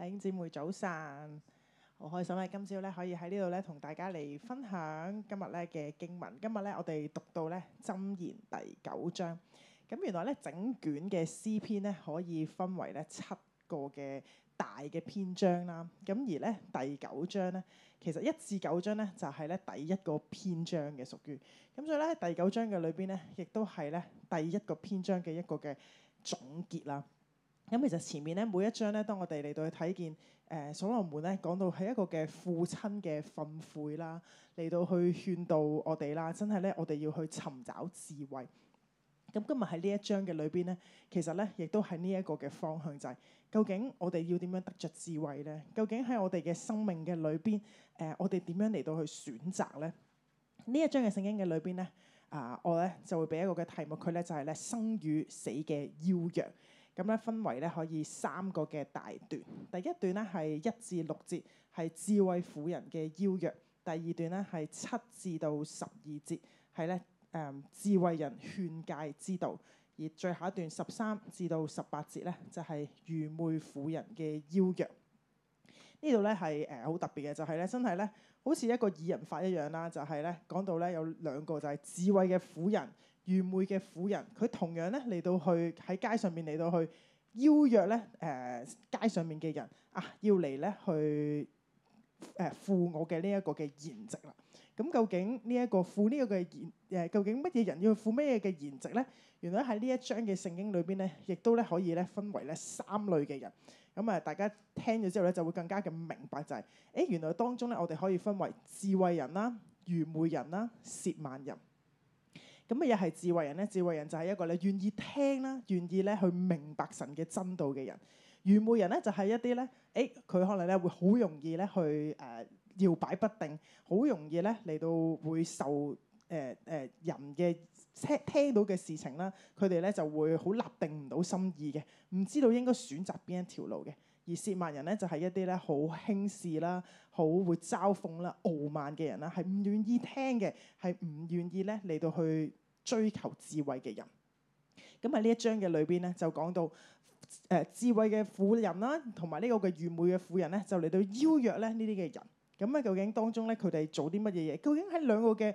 弟兄姊妹早晨，好開心啊！今朝咧可以喺呢度咧同大家嚟分享今日咧嘅經文。今日咧我哋讀到咧《箴言》第九章。咁原來咧整卷嘅詩篇咧可以分為咧七個嘅大嘅篇章啦。咁而咧第九章咧，其實一至九章咧就係咧第一個篇章嘅屬於。咁所以咧第九章嘅裏邊咧，亦都係咧第一個篇章嘅一個嘅總結啦。咁其實前面咧每一章咧，當我哋嚟到去睇見誒、呃，所羅門咧講到係一個嘅父親嘅訓誨啦，嚟到去勸導我哋啦，真係咧我哋要去尋找智慧。咁今日喺呢一章嘅裏邊咧，其實咧亦都喺呢一個嘅方向，就係、是、究竟我哋要點樣得着智慧咧？究竟喺我哋嘅生命嘅裏邊，誒、呃，我哋點樣嚟到去選擇咧？呢一章嘅聖經嘅裏邊咧，啊、呃，我咧就會俾一個嘅題目，佢咧就係、是、咧生與死嘅邀約。咁咧分為咧可以三個嘅大段，第一段咧係一至六節係智慧婦人嘅邀約，第二段咧係七至到十二節係咧誒智慧人勸戒之道，而最後一段十三至到十八節咧就係愚昧婦，婦人嘅邀約。呢度咧係誒好特別嘅，就係、是、咧真係咧好似一個擬人法一樣啦，就係咧講到咧有兩個就係智慧嘅婦人。愚昧嘅婦人，佢同樣咧嚟到去喺街上面嚟到去邀約咧誒、呃、街上面嘅人啊，要嚟咧去誒赴、呃、我嘅呢一個嘅筵席啦。咁究竟呢一個赴呢一個嘅筵誒，究竟乜、這、嘢、個呃、人要赴咩嘅筵席咧？原來喺呢一章嘅聖經裏邊咧，亦都咧可以咧分為咧三類嘅人。咁、嗯、啊，大家聽咗之後咧就會更加嘅明白、就是，就係誒原來當中咧我哋可以分為智慧人啦、愚昧人啦、褻慢人。咁啊，又係智慧人咧，智慧人就係一個咧願意聽啦，願意咧去明白神嘅真道嘅人。愚昧人咧就係一啲咧，誒、欸、佢可能咧會好容易咧去誒搖擺不定，好容易咧嚟到會受誒誒、呃呃、人嘅聽，聽到嘅事情啦，佢哋咧就會好立定唔到心意嘅，唔知道應該選擇邊一條路嘅。而泄慢人咧就係一啲咧好輕視啦、好會嘲諷啦、傲、呃、慢嘅人啦，係唔願意聽嘅，係唔願意咧嚟到去。追求智慧嘅人，咁喺呢一章嘅裏邊呢，就講到誒、呃、智慧嘅婦人啦、啊，同埋呢個嘅愚昧嘅婦人呢、啊，就嚟到邀約咧呢啲嘅人。咁啊，究竟當中呢，佢哋做啲乜嘢嘢？究竟喺兩個嘅誒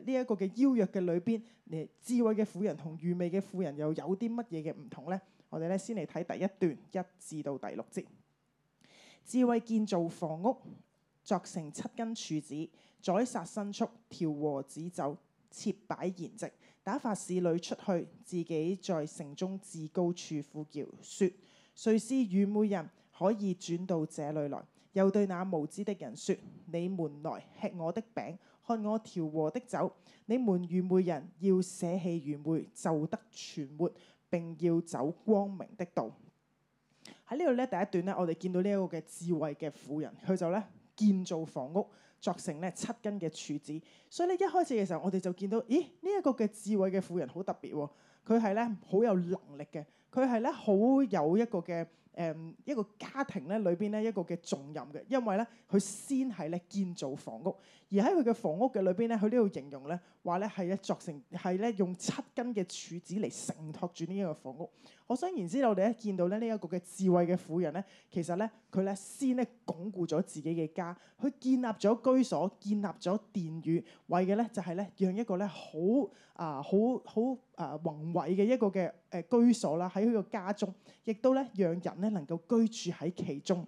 呢一個嘅邀約嘅裏邊，誒智慧嘅婦人同愚昧嘅婦人又有啲乜嘢嘅唔同呢？我哋咧先嚟睇第一段一至到第六節。智慧建造房屋，作成七根柱子，宰殺牲畜，調和旨酒。切擺筵席，打發侍女出去，自己在城中至高處呼叫說：誰是愚昧人，可以轉到這裏來。又對那無知的人說：你們來吃我的餅，看我調和的酒。你們愚昧人要捨棄愚昧，就得存活，並要走光明的道。喺呢度呢，第一段呢，我哋見到呢一個嘅智慧嘅婦人，佢就呢建造房屋。作成咧七根嘅柱子，所以咧一開始嘅時候，我哋就見到，咦呢一個嘅智慧嘅婦人好特別喎，哦，佢係咧好有能力嘅，佢係咧好有一個嘅。誒一個家庭咧裏邊咧一個嘅重任嘅，因為咧佢先係咧建造房屋，而喺佢嘅房屋嘅裏邊咧，佢呢度形容咧話咧係咧作成係咧用七根嘅柱子嚟承托住呢一個房屋。我想然之後我哋咧見到咧呢一個嘅智慧嘅婦人咧，其實咧佢咧先咧鞏固咗自己嘅家，佢建立咗居所，建立咗殿宇，為嘅咧就係咧讓一個咧好啊，好好啊，宏偉嘅一個嘅誒居所啦，喺佢個家中，亦都咧讓人。能夠居住喺其中，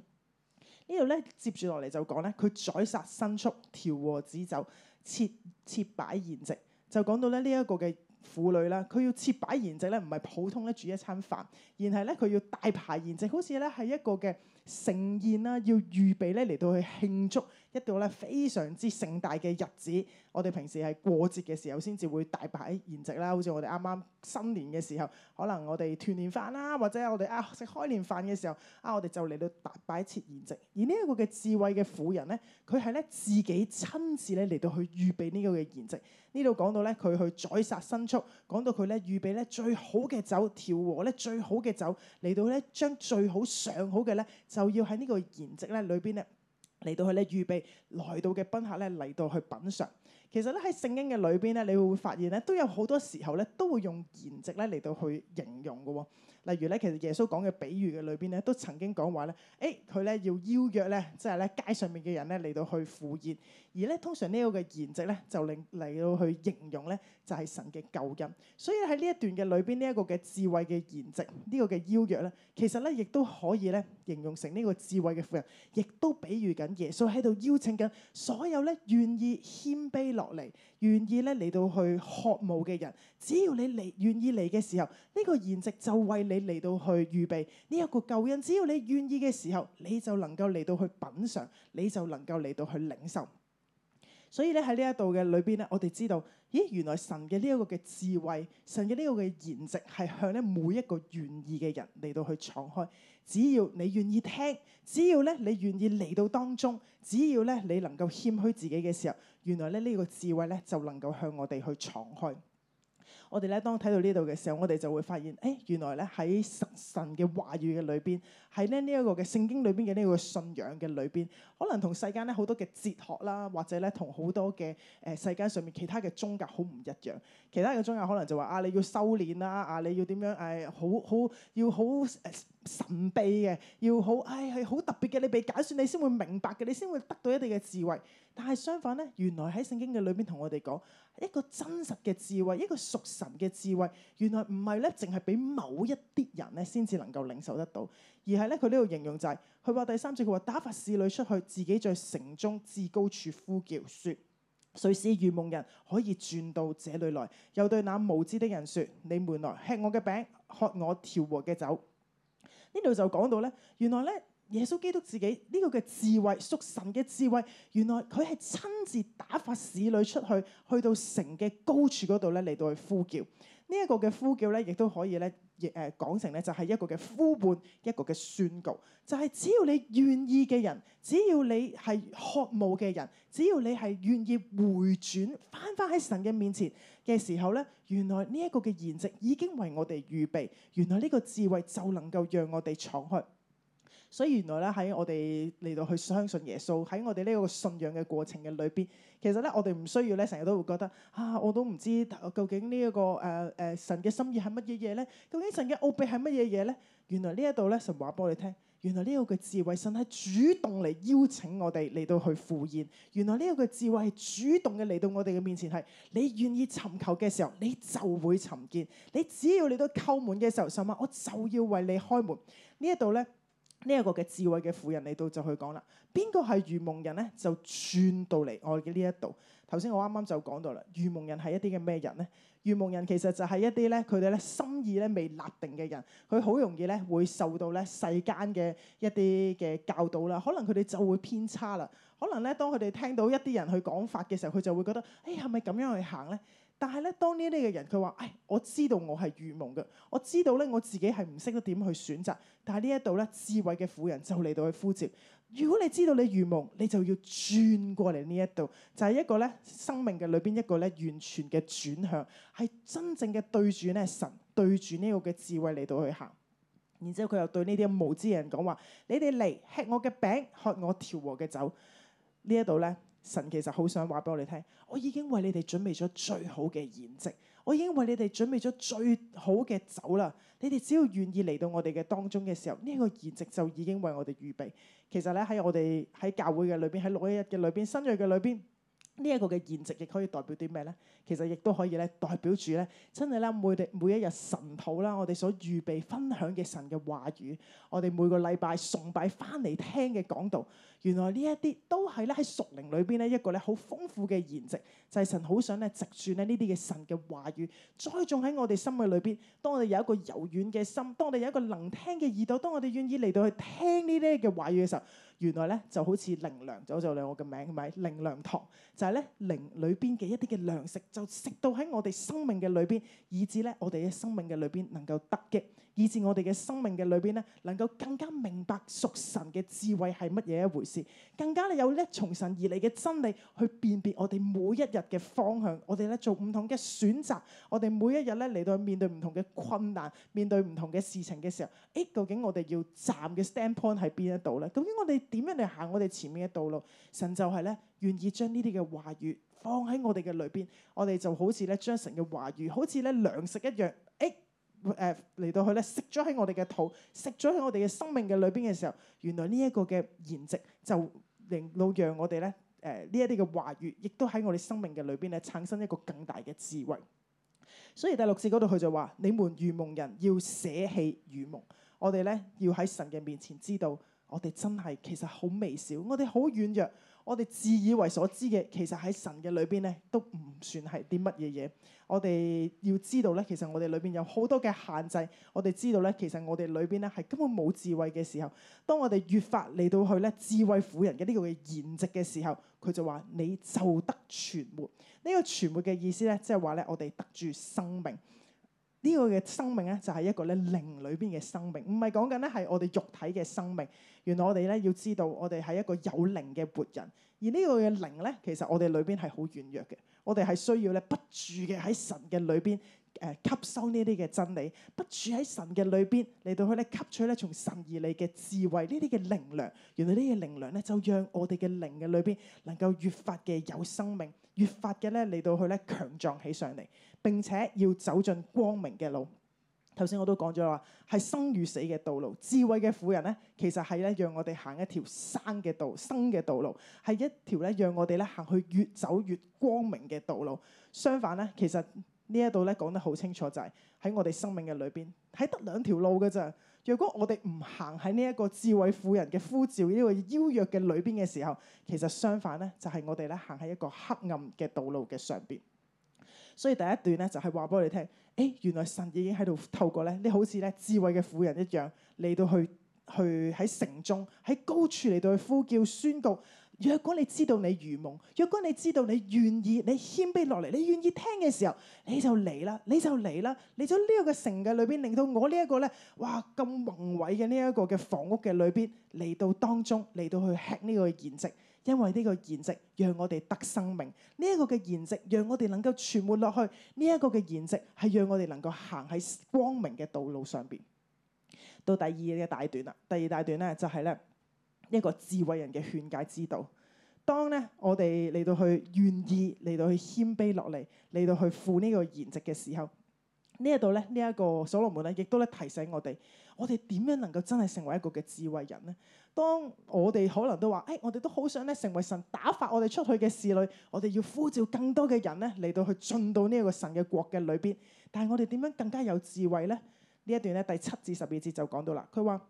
呢度咧接住落嚟就講咧，佢宰殺牲畜，調和旨酒，設設擺筵席，就講到咧呢一個嘅婦女啦，佢要設擺筵席咧，唔係普通咧煮一餐飯，而係咧佢要大排筵席，好似咧係一個嘅盛宴啦，要預備咧嚟到去慶祝。一個咧非常之盛大嘅日子，我哋平時係過節嘅時候先至會大擺筵席啦。好似我哋啱啱新年嘅時候，可能我哋團年飯啦，或者我哋啊食開年飯嘅時候，啊我哋就嚟到大擺設筵席。而呢一個嘅智慧嘅婦人呢，佢係咧自己親自咧嚟到去預備呢個嘅筵席。呢度講到呢，佢去宰殺牲畜，講到佢呢預備咧最好嘅酒調和咧最好嘅酒嚟到呢將最好上好嘅呢，就要喺呢個筵席咧裏邊咧。嚟到去咧預備來到嘅賓客咧嚟到去品嚐，其實咧喺聖經嘅裏邊咧，你會發現咧都有好多時候咧都會用筵席咧嚟到去形容嘅喎。例如咧，其實耶穌講嘅比喻嘅裏邊咧，都曾經講話咧，誒佢咧要邀約咧，即係咧街上面嘅人咧嚟到去赴宴。而咧，通常個值呢個嘅筵席咧，就令嚟到去形容咧，就係、是、神嘅救恩。所以喺呢一段嘅裏邊，呢、這、一個嘅智慧嘅筵席，這個、呢個嘅邀約咧，其實咧亦都可以咧形容成呢個智慧嘅婦人，亦都比喻緊耶穌喺度邀請緊所有咧願意謙卑落嚟、願意咧嚟到去渴慕嘅人。只要你嚟願意嚟嘅時候，呢、這個筵席就為你嚟到去預備呢一、這個救恩，只要你願意嘅時候，你就能夠嚟到去品嚐，你就能夠嚟到去領受。所以咧喺呢一度嘅裏邊咧，我哋知道，咦，原來神嘅呢一個嘅智慧，神嘅呢個嘅筵席，係向咧每一個願意嘅人嚟到去敞開。只要你願意聽，只要咧你願意嚟到當中，只要咧你能夠謙虛自己嘅時候，原來咧呢個智慧咧就能夠向我哋去敞開。我哋咧當睇到呢度嘅時候，我哋就會發現，誒、哎、原來咧喺神神嘅話語嘅裏邊，喺咧呢一、這個嘅聖經裏邊嘅呢個信仰嘅裏邊，可能同世間咧好多嘅哲學啦，或者咧同好多嘅誒、呃、世間上面其他嘅宗教好唔一樣。其他嘅宗教可能就話啊，你要修煉啦、啊，啊你要點樣誒、啊，好好要好誒。呃神秘嘅要好，唉，係好特別嘅。你被解說，你先會明白嘅，你先會得到一啲嘅智慧。但係相反呢，原來喺聖經嘅裏面同我哋講一個真實嘅智慧，一個屬神嘅智慧，原來唔係呢，淨係俾某一啲人呢先至能夠領受得到，而係呢，佢呢度形容就係佢話第三次，佢話打發使女出去，自己在城中至高處呼叫，説誰是愚蒙人可以轉到這裡來？又對那無知的人説：你們來吃我嘅餅，喝我調和嘅酒。呢度就講到咧，原來咧，耶穌基督自己呢個嘅智慧，屬神嘅智慧，原來佢係親自打發使女出去，去到城嘅高處嗰度咧，嚟到去呼叫。呢一個嘅呼叫咧，亦都可以咧。誒講成咧，就係一個嘅呼喚，一個嘅宣告，就係、是、只要你願意嘅人，只要你係渴慕嘅人，只要你係願意回轉，翻翻喺神嘅面前嘅時候呢，原來呢一個嘅筵席已經為我哋預備，原來呢個智慧就能夠讓我哋闖開。所以原來咧，喺我哋嚟到去相信耶穌，喺我哋呢個信仰嘅過程嘅裏邊，其實咧我哋唔需要咧成日都會覺得啊，我都唔知究竟呢一個誒誒、呃呃、神嘅心意係乜嘢嘢咧？究竟神嘅奧秘係乜嘢嘢咧？原來呢一度咧，神話俾我哋聽，原來呢個嘅智慧神係主動嚟邀請我哋嚟到去赴宴。原來呢個嘅智慧係主動嘅嚟到我哋嘅面前，係你願意尋求嘅時候，你就會尋見。你只要你到叩門嘅時候，神話我就要為你開門。呢一度咧。呢一個嘅智慧嘅婦人嚟到就去講啦，邊個係愚蒙人呢？就轉到嚟我哋呢一度。頭先我啱啱就講到啦，愚蒙人係一啲嘅咩人呢？愚蒙人其實就係一啲呢，佢哋呢心意呢未立定嘅人，佢好容易呢會受到呢世間嘅一啲嘅教導啦，可能佢哋就會偏差啦。可能呢，當佢哋聽到一啲人去講法嘅時候，佢就會覺得：「誒係咪咁樣去行呢？」但係咧，當呢啲嘅人佢話：哎，我知道我係愚蒙嘅，我知道咧我自己係唔識得點去選擇。但係呢一度咧，智慧嘅婦人就嚟到去呼召。如果你知道你愚蒙，你就要轉過嚟呢一度，就係、是、一個咧生命嘅裏邊一個咧完全嘅轉向，係真正嘅對住咧神，對住呢個嘅智慧嚟到去行。然之後佢又對呢啲無知人講話：你哋嚟吃我嘅餅，喝我調和嘅酒。呢一度咧。神其實好想話俾我哋聽，我已經為你哋準備咗最好嘅筵席，我已經為你哋準備咗最好嘅酒啦。你哋只要願意嚟到我哋嘅當中嘅時候，呢個筵席就已經為我哋預備。其實咧，喺我哋喺教會嘅裏邊，喺六一一嘅裏邊，新銳嘅裏邊。呢一個嘅筵席亦可以代表啲咩呢？其實亦都可以咧，代表住咧，真係啦，每地每一日晨禱啦，我哋所預備分享嘅神嘅話語，我哋每個禮拜崇拜翻嚟聽嘅講道，原來呢一啲都係咧喺屬靈裏邊咧一個咧好豐富嘅筵席，就係、是、神好想咧植樹咧呢啲嘅神嘅話語，栽種喺我哋心嘅裏邊。當我哋有一個柔軟嘅心，當我哋有一個能聽嘅耳朵，當我哋願意嚟到去聽呢啲嘅話語嘅時候。原來咧就好似靈糧，我就嚟我嘅名係咪？靈糧堂就係咧，靈裏邊嘅一啲嘅糧食，就食到喺我哋生命嘅裏邊，以至咧我哋嘅生命嘅裏邊能夠得益。以至我哋嘅生命嘅裏邊咧，能夠更加明白屬神嘅智慧係乜嘢一回事，更加有咧從神而嚟嘅真理去辨別我哋每一日嘅方向，我哋咧做唔同嘅選擇，我哋每一日咧嚟到面對唔同嘅困難，面對唔同嘅事情嘅時候，誒究竟我哋要站嘅 standpoint 係邊一度咧？究竟我哋點樣嚟行我哋前面嘅道路？神就係咧願意將呢啲嘅話語放喺我哋嘅裏邊，我哋就好似咧將神嘅話語好似咧糧食一樣，誒。誒嚟到佢咧，食咗喺我哋嘅肚，食咗喺我哋嘅生命嘅裏邊嘅時候，原來呢一個嘅言值就令到讓我哋咧誒呢一啲嘅話語，亦都喺我哋生命嘅裏邊咧產生一個更大嘅智慧。所以第六節嗰度佢就話，你們愚蒙人要捨棄愚蒙，我哋咧要喺神嘅面前知道，我哋真係其實好微小，我哋好軟弱。我哋自以為所知嘅，其實喺神嘅裏邊咧，都唔算係啲乜嘢嘢。我哋要知道咧，其實我哋裏邊有好多嘅限制。我哋知道咧，其實我哋裏邊咧係根本冇智慧嘅時候。當我哋越發嚟到去咧智慧婦人嘅呢個嘅筵席嘅時候，佢就話你就得存活。呢個存活嘅意思咧，即係話咧，我哋得住生命。呢個嘅生命咧，就係一個咧靈裏邊嘅生命，唔係講緊咧係我哋肉體嘅生命。原來我哋咧要知道，我哋係一個有靈嘅活人，而呢個嘅靈咧，其實我哋裏邊係好軟弱嘅。我哋係需要咧不住嘅喺神嘅裏邊誒吸收呢啲嘅真理，不住喺神嘅裏邊嚟到去咧吸取咧從神而嚟嘅智慧呢啲嘅靈糧。原來呢啲嘅靈糧咧就讓我哋嘅靈嘅裏邊能夠越發嘅有生命，越發嘅咧嚟到去咧強壯起上嚟，並且要走進光明嘅路。頭先我都講咗啦，係生與死嘅道路，智慧嘅婦人咧，其實係咧，讓我哋行一條生嘅道，生嘅道路係一條咧，讓我哋咧行去越走越光明嘅道路。相反咧，其實呢一度咧講得好清楚，就係，就係喺我哋生命嘅裏邊，係得兩條路嘅咋，若果我哋唔行喺呢一個智慧婦人嘅呼召呢，呢個邀約嘅裏邊嘅時候，其實相反咧，就係、是、我哋咧行喺一個黑暗嘅道路嘅上邊。所以第一段咧就係話俾我哋聽。誒，原來神已經喺度透過咧你好似咧智慧嘅婦人一樣嚟到去去喺城中喺高處嚟到去呼叫宣告。若果你知道你愚蒙，若果你知道你願意你謙卑落嚟，你願意聽嘅時候，你就嚟啦，你就嚟啦，嚟咗呢個城嘅裏邊，令到我呢一個咧哇咁宏偉嘅呢一個嘅房屋嘅裏邊嚟到當中嚟到去吃呢個筵席。因為呢個筵席讓我哋得生命，呢、這、一個嘅筵席讓我哋能夠存活落去，呢、這、一個嘅筵席係讓我哋能夠行喺光明嘅道路上邊。到第二嘅大段啦，第二大段咧就係、是、咧一個智慧人嘅勸解之道。當咧我哋嚟到去願意嚟到去謙卑落嚟，嚟到去赴呢個筵席嘅時候，呢一度咧呢一個所羅門咧亦都咧提醒我哋，我哋點樣能夠真係成為一個嘅智慧人呢？當我哋可能都話，誒、欸，我哋都好想咧成為神打發我哋出去嘅侍女，我哋要呼召更多嘅人咧嚟到去進到呢個神嘅國嘅裏邊。但係我哋點樣更加有智慧呢？呢一段咧第七至十二節就講到啦。佢話：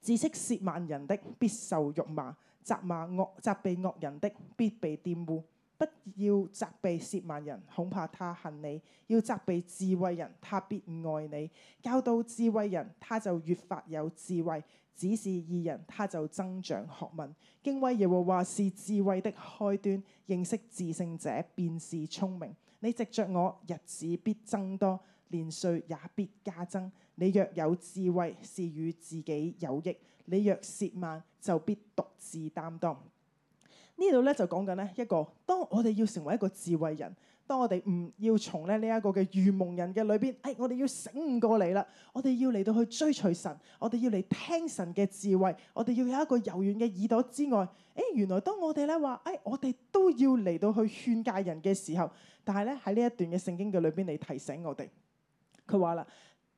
指斥褻慢人的必受辱罵，責罵惡責備惡人的必被玷污。不要責備褻慢人，恐怕他恨你；要責備智慧人，他必愛你。教導智慧人，他就越發有智慧；指示義人，他就增長學問。敬畏耶和華是智慧的開端，認識至聖者便是聰明。你藉着我，日子必增多，年歲也必加增。你若有智慧，是與自己有益；你若褻慢，就必獨自擔當。呢度咧就講緊咧一個，當我哋要成為一個智慧人，當我哋唔要從咧呢一個嘅愚蒙人嘅裏邊，誒、哎，我哋要醒悟過嚟啦，我哋要嚟到去追隨神，我哋要嚟聽神嘅智慧，我哋要有一個柔軟嘅耳朵之外，誒、哎，原來當我哋咧話，誒、哎，我哋都要嚟到去勸誡人嘅時候，但係咧喺呢一段嘅聖經嘅裏邊嚟提醒我哋，佢話啦，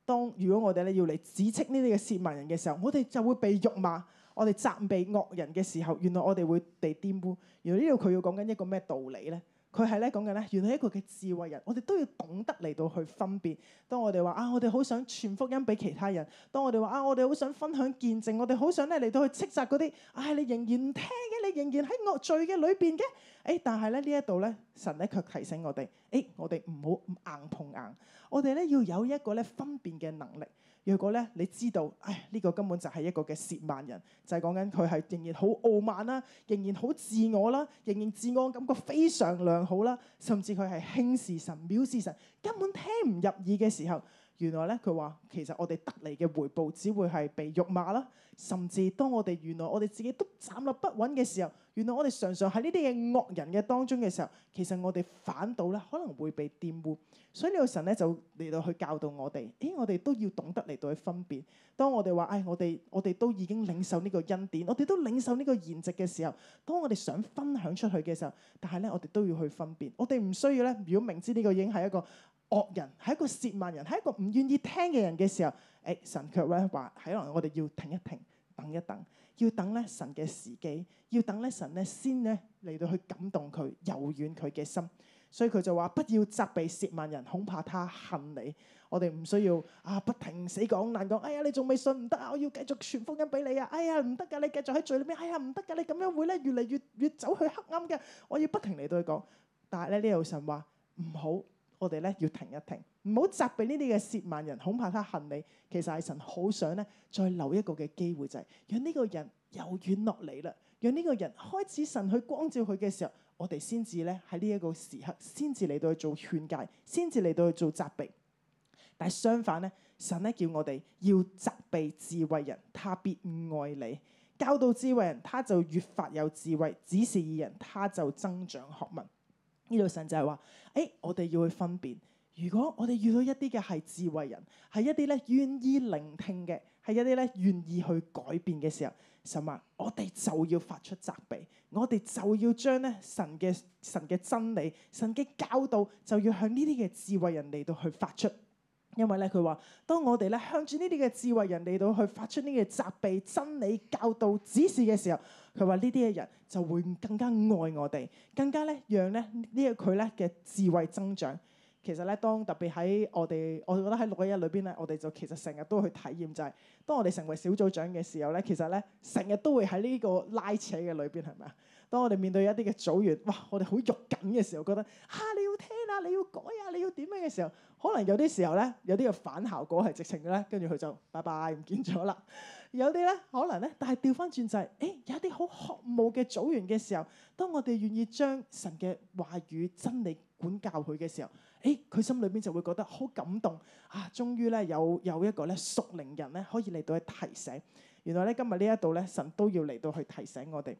當如果我哋咧要嚟指斥呢啲嘅褻慢人嘅時候，我哋就會被辱罵。我哋責備惡人嘅時候，原來我哋會被玷污。原來呢度佢要講緊一個咩道理呢？佢係咧講緊咧，原來一個嘅智慧人，我哋都要懂得嚟到去分辨。當我哋話啊，我哋好想傳福音俾其他人；當我哋話啊，我哋好想分享見證；我哋好想咧嚟到去斥責嗰啲，唉、哎，你仍然唔聽嘅，你仍然喺惡罪嘅裏邊嘅。誒、哎，但係咧呢一度咧，神咧卻提醒我哋，誒、哎，我哋唔好硬碰硬，我哋咧要有一個咧分辨嘅能力。如果咧，你知道，唉，呢、這個根本就係一個嘅褻慢人，就係講緊佢係仍然好傲慢啦，仍然好自我啦，仍然自我感覺非常良好啦，甚至佢係輕視神、藐視神，根本聽唔入耳嘅時候。原來咧，佢話其實我哋得嚟嘅回報，只會係被辱罵啦。甚至當我哋原來我哋自己都站立不穩嘅時候，原來我哋常常喺呢啲嘅惡人嘅當中嘅時候，其實我哋反倒咧可能會被玷污。所以呢個神咧就嚟到去教導我哋，誒、哎、我哋都要懂得嚟到去分辨。當我哋話唉，我哋我哋都已經領受呢個恩典，我哋都領受呢個現值嘅時候，當我哋想分享出去嘅時候，但係咧我哋都要去分辨。我哋唔需要咧，如果明知呢個已經係一個。惡人係一個褻慢人，係一個唔願意聽嘅人嘅時候，誒、欸，神卻咧話，可能，我哋要停一停，等一等，要等咧神嘅時機，要等咧神咧先咧嚟到去感動佢，柔軟佢嘅心。所以佢就話，不要責備褻慢人，恐怕他恨你。我哋唔需要啊，不停死講爛講。哎呀，你仲未信？唔得啊，我要繼續傳福音俾你啊。哎呀，唔得噶，你繼續喺罪裏面。哎呀，唔得噶，你咁樣會咧越嚟越越走去黑暗嘅。我要不停嚟到去講。但係咧呢度神話唔好。我哋咧要停一停，唔好責備呢啲嘅褻慢人，恐怕他恨你。其實係神好想咧，再留一個嘅機會，就係、是、讓呢個人又軟落嚟啦，讓呢個人開始神去光照佢嘅時候，我哋先至咧喺呢一個時刻，先至嚟到去做勸戒，先至嚟到去做責備。但係相反呢，神咧叫我哋要責備智慧人，他必愛你；教導智慧人，他就越發有智慧；指示義人，他就增長學問。呢度神就係話，誒、哎，我哋要去分辨，如果我哋遇到一啲嘅係智慧人，係一啲咧願意聆聽嘅，係一啲咧願意去改變嘅時候，神話我哋就要發出責備，我哋就要將咧神嘅神嘅真理、神嘅教導，就要向呢啲嘅智慧人嚟到去發出，因為咧佢話，當我哋咧向住呢啲嘅智慧人嚟到去發出呢啲責備、真理、教導、指示嘅時候，佢話呢啲嘅人就會更加愛我哋，更加咧讓咧呢個佢咧嘅智慧增長。其實咧，當特別喺我哋，我覺得喺六一一裏邊咧，我哋就其實成日都去體驗就係、是，當我哋成為小組長嘅時候咧，其實咧成日都會喺呢個拉扯嘅裏邊，係咪啊？當我哋面對一啲嘅組員，哇！我哋好肉緊嘅時候，覺得吓、啊、你要聽啊，你要改啊，你要點樣嘅時候。可能有啲時候咧，有啲嘅反效果係直情嘅咧，跟住佢就拜拜唔見咗啦。有啲咧可能咧，但係調翻轉就係，誒、欸、有啲好渴慕嘅組員嘅時候，當我哋願意將神嘅話語真理管教佢嘅時候，誒、欸、佢心裏邊就會覺得好感動啊！終於咧有有一個咧屬靈人咧可以嚟到去提醒。原來咧今日呢一度咧神都要嚟到去提醒我哋。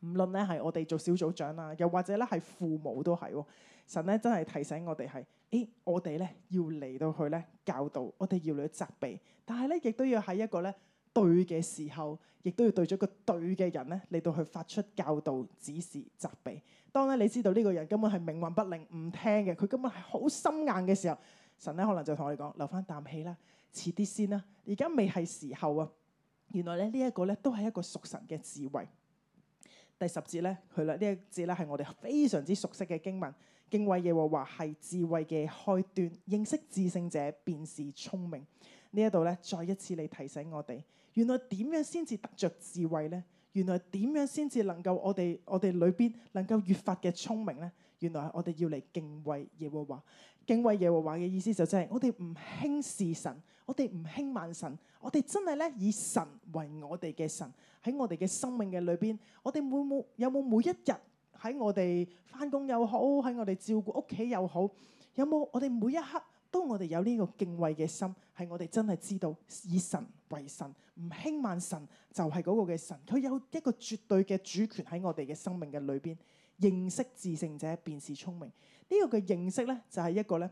唔論咧係我哋做小組長啦，又或者咧係父母都係，神咧真係提醒我哋係，誒、哎、我哋咧要嚟到去咧教導，我哋要嚟去責備，但係咧亦都要喺一個咧對嘅時候，亦都要對咗個對嘅人咧嚟到去發出教導、指示、責備。當咧你知道呢個人根本係冥頑不靈、唔聽嘅，佢根本係好心硬嘅時候，神咧可能就同我哋講，留返啖氣啦，遲啲先啦，而家未係時候啊。原來咧呢一、這個咧都係一個屬神嘅智慧。第十節咧，佢啦呢一節咧係我哋非常之熟悉嘅經文，敬畏耶和華係智慧嘅開端，認識至聖者便是聰明。呢一度咧，再一次嚟提醒我哋，原來點樣先至得着智慧呢？原來點樣先至能夠我哋我哋裏邊能夠越發嘅聰明呢？原來我哋要嚟敬畏耶和華，敬畏耶和華嘅意思就即係我哋唔輕視神。我哋唔輕慢神，我哋真係咧以神為我哋嘅神，喺我哋嘅生命嘅裏邊，我哋會冇有冇每一日喺我哋翻工又好，喺我哋照顧屋企又好，有冇我哋每一刻都我哋有呢個敬畏嘅心，係我哋真係知道以神為神，唔輕慢神就係嗰個嘅神，佢有一個絕對嘅主權喺我哋嘅生命嘅裏邊。認識至聖者便是聰明，呢、這個嘅認識呢，就係一個呢。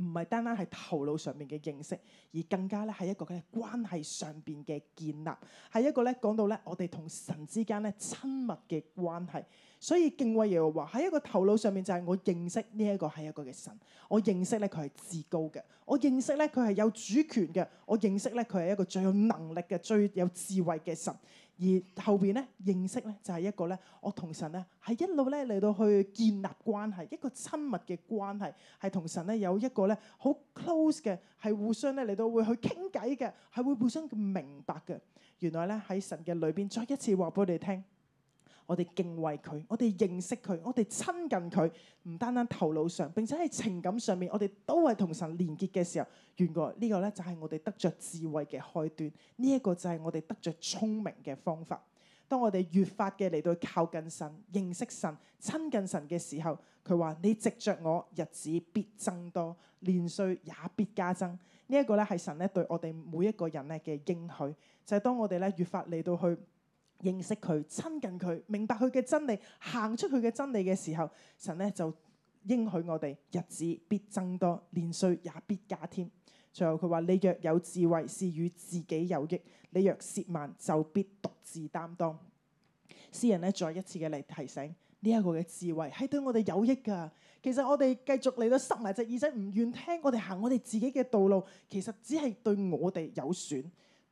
唔係單單係頭腦上面嘅認識，而更加咧係一個嘅關係上邊嘅建立，係一個咧講到咧我哋同神之間咧親密嘅關係。所以敬畏耶和華喺一個頭腦上面就係我認識呢一個係一個嘅神，我認識咧佢係至高嘅，我認識咧佢係有主權嘅，我認識咧佢係一個最有能力嘅、最有智慧嘅神。而後邊咧認識咧就係、是、一個咧，我同神咧係一路咧嚟到去建立關係，一個親密嘅關係，係同神咧有一個咧好 close 嘅，係互相咧嚟到會去傾偈嘅，係會互相明白嘅。原來咧喺神嘅裏邊再一次話俾我哋聽。我哋敬畏佢，我哋認識佢，我哋親近佢，唔單單頭腦上，並且喺情感上面，我哋都係同神連結嘅時候。原來呢個咧就係我哋得着智慧嘅開端，呢一個就係我哋得着聰明嘅方法。當我哋越發嘅嚟到靠近神、認識神、親近神嘅時候，佢話：你藉着我，日子必增多，年歲也必加增。呢一個咧係神咧對我哋每一個人咧嘅應許，就係當我哋咧越發嚟到去。認識佢、親近佢、明白佢嘅真理、行出佢嘅真理嘅時候，神呢就應許我哋日子必增多，年歲也必加添。最後佢話：你若有智慧，是與自己有益；你若褻慢，就必獨自擔當。詩人呢再一次嘅嚟，提醒呢一個嘅智慧係對我哋有益噶。其實我哋繼續嚟到塞埋隻耳仔，唔願聽，我哋行我哋自己嘅道路，其實只係對我哋有損。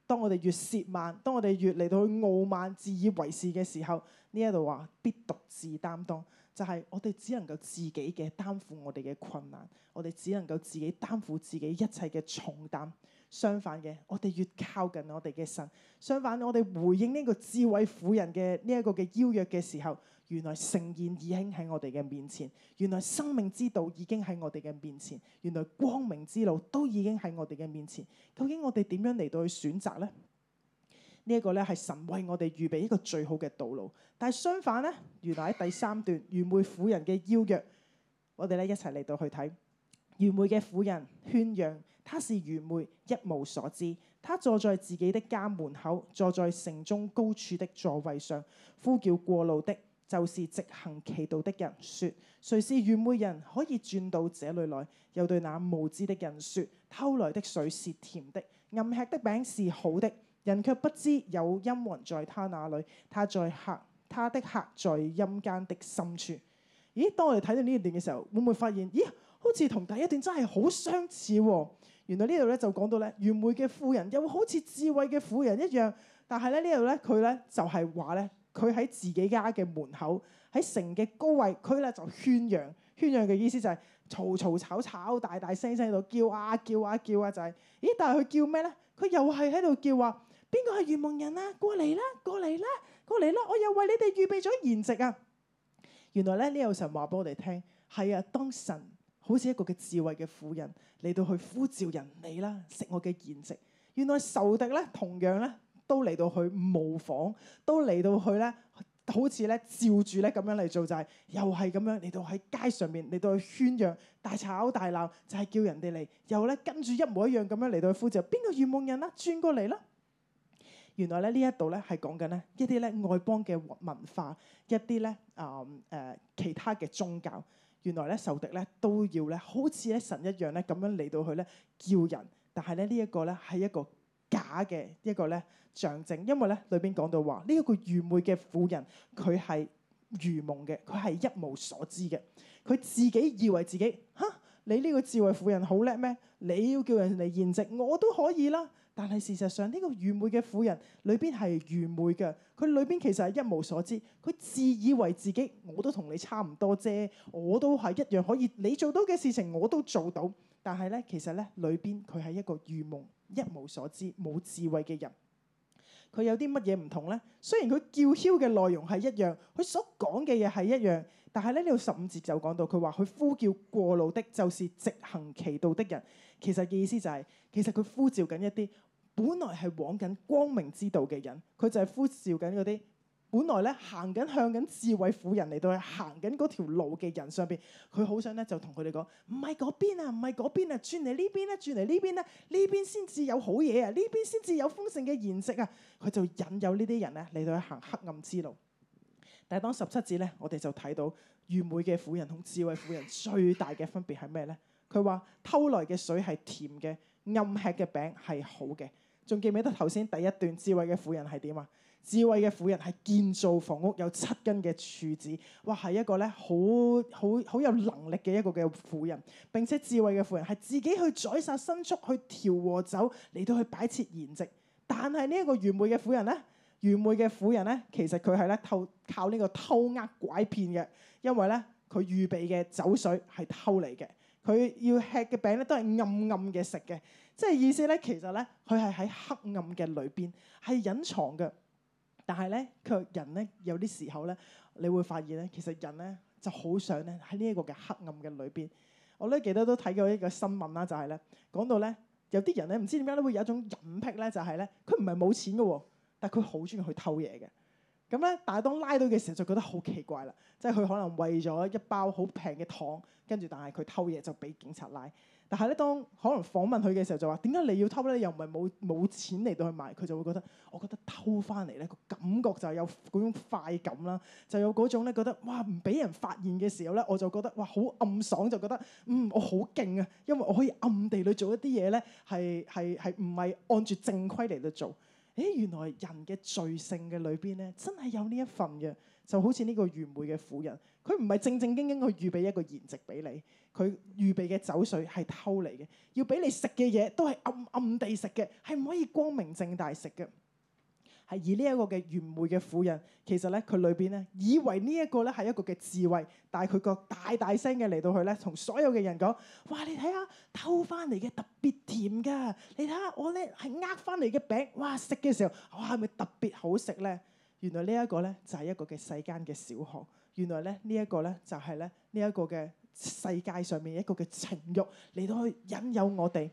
當我哋越涉慢，當我哋越嚟到傲慢、自以為是嘅時候，呢一度話必獨自擔當，就係我哋只能夠自己嘅擔負我哋嘅困難，我哋只能夠自己擔負自己一切嘅重擔。相反嘅，我哋越靠近我哋嘅神，相反我哋回應呢個智慧婦人嘅呢一個嘅邀約嘅時候。原來盛宴已經喺我哋嘅面前，原來生命之道已經喺我哋嘅面前，原來光明之路都已經喺我哋嘅面前。究竟我哋點樣嚟到去選擇呢？這個、呢一個咧係神為我哋預備一個最好嘅道路。但係相反呢，原來喺第三段愚昧婦人嘅邀約，我哋咧一齊嚟到去睇愚昧嘅婦人喧嚷，她是愚昧，一無所知。她坐在自己的家門口，坐在城中高處的座位上，呼叫過路的。就是直行其道的人說，說，誰是愚昧人可以轉到這裏來。又對那無知的人說，偷來的水是甜的，暗吃的餅是好的，人卻不知有陰魂在他那裏。他在客，他的客在陰間的深處。咦？當我哋睇到呢一段嘅時候，會唔會發現咦？好似同第一段真係好相似啊。原來呢度咧就講到咧，愚昧嘅婦人又會好似智慧嘅婦人一樣，但係咧呢度咧佢咧就係話咧。佢喺自己家嘅門口，喺城嘅高位，佢咧就宣揚。宣揚嘅意思就係嘈嘈吵吵，吵，吵、大大聲聲喺度叫啊叫啊叫啊！就係、是，咦？但係佢叫咩呢？佢又係喺度叫話：邊個係愚蒙人啊？過嚟啦！過嚟啦！過嚟啦！我又為你哋預備咗筵席啊！原來咧呢，有神話俾我哋聽，係啊，當神好似一個嘅智慧嘅婦人嚟到去呼召人哋啦，食我嘅筵席。原來仇敵咧，同樣咧。都嚟到去模仿，都嚟到去咧，好似咧照住咧咁樣嚟做就係、是，又係咁樣嚟到喺街上面嚟到去宣揚，大吵大鬧，就係、是、叫人哋嚟，又咧跟住一模一樣咁樣嚟到去呼召，邊個愚夢人啊，轉過嚟啦！原來咧呢一度咧係講緊咧一啲咧外邦嘅文化，一啲咧啊誒其他嘅宗教，原來咧仇敵咧都要咧好似咧神一樣咧咁樣嚟到去咧叫人，但係咧呢，這個、呢一個咧係一個。假嘅一個咧象徵，因為咧裏邊講到話呢一個愚昧嘅婦人，佢係愚蒙嘅，佢係一無所知嘅，佢自己以為自己嚇你呢個智慧婦人好叻咩？你要叫人嚟驗證，我都可以啦。但係事實上呢、呢個愚昧嘅婦人裏邊係愚昧嘅，佢裏邊其實係一無所知，佢自以為自己我都同你差唔多啫，我都係一樣可以。你做到嘅事情我都做到。但係咧，其實咧，裏邊佢係一個愚蒙、一無所知、冇智慧嘅人。佢有啲乜嘢唔同咧？雖然佢叫囂嘅內容係一樣，佢所講嘅嘢係一樣，但係咧，呢度十五節就講到佢話佢呼叫過路的，就是直行其道的人。其實嘅意思就係、是，其實佢呼召緊一啲本來係往緊光明之道嘅人，佢就係呼召緊嗰啲。本來咧行緊向緊智慧婦人嚟到去行緊嗰條路嘅人上邊，佢好想咧就同佢哋講：唔係嗰邊啊，唔係嗰邊啊，轉嚟呢邊咧、啊，轉嚟呢邊咧、啊，呢邊先至有好嘢啊，呢邊先至有豐盛嘅筵席啊！佢就引誘呢啲人咧嚟到去行黑暗之路。但係當十七節咧，我哋就睇到愚昧嘅婦人同智慧婦人最大嘅分別係咩咧？佢話偷來嘅水係甜嘅，暗吃嘅餅係好嘅。仲記唔記得頭先第一段智慧嘅婦人係點啊？智慧嘅婦人係建造房屋有七根嘅柱子，哇，係一個咧好好好有能力嘅一個嘅婦人。並且智慧嘅婦人係自己去宰殺牲畜去調和酒嚟到去擺設筵席。但係呢一個愚昧嘅婦人呢？愚昧嘅婦人呢？其實佢係咧偷靠呢個偷呃拐騙嘅，因為呢，佢預備嘅酒水係偷嚟嘅，佢要吃嘅餅咧都係暗暗嘅食嘅，即係意思呢，其實呢，佢係喺黑暗嘅裏邊係隱藏嘅。但係咧，佢人咧有啲時候咧，你會發現咧，其實人咧就好想咧喺呢一個嘅黑暗嘅裏邊。我咧記得都睇過一個新聞啦，就係咧講到咧有啲人咧唔知點解都會有一種隱癖咧，就係咧佢唔係冇錢嘅喎，但係佢好中意去偷嘢嘅。咁咧，但係當拉到嘅時候就覺得好奇怪啦，即係佢可能為咗一包好平嘅糖，跟住但係佢偷嘢就俾警察拉。但係咧，當可能訪問佢嘅時候就，就話點解你要偷咧？又唔係冇冇錢嚟到去買，佢就會覺得我覺得偷翻嚟咧個感覺就係有嗰種快感啦，就有嗰種咧覺得哇唔俾人發現嘅時候咧，我就覺得哇好暗爽，就覺得嗯，我好勁啊，因為我可以暗地裏做一啲嘢咧，係係係唔係按住正規嚟到做？誒原來人嘅罪性嘅裏邊咧，真係有呢一份嘅，就好似呢個愚昧嘅婦人，佢唔係正正經經去預備一個筵席俾你。佢預備嘅酒水係偷嚟嘅，要俾你食嘅嘢都係暗暗地食嘅，係唔可以光明正大食嘅。係以呢一個嘅愚昧嘅婦人，其實咧佢裏邊咧以為呢一個咧係一個嘅智慧，但係佢個大大聲嘅嚟到去咧，同所有嘅人講：「哇！你睇下偷翻嚟嘅特別甜㗎，你睇下我咧係呃翻嚟嘅餅，哇！食嘅時候，哇！係咪特別好食咧？原來呢一個咧就係一個嘅世間嘅小學，原來咧呢一個咧就係咧呢一個嘅。世界上面一個嘅情慾嚟到去引誘我哋，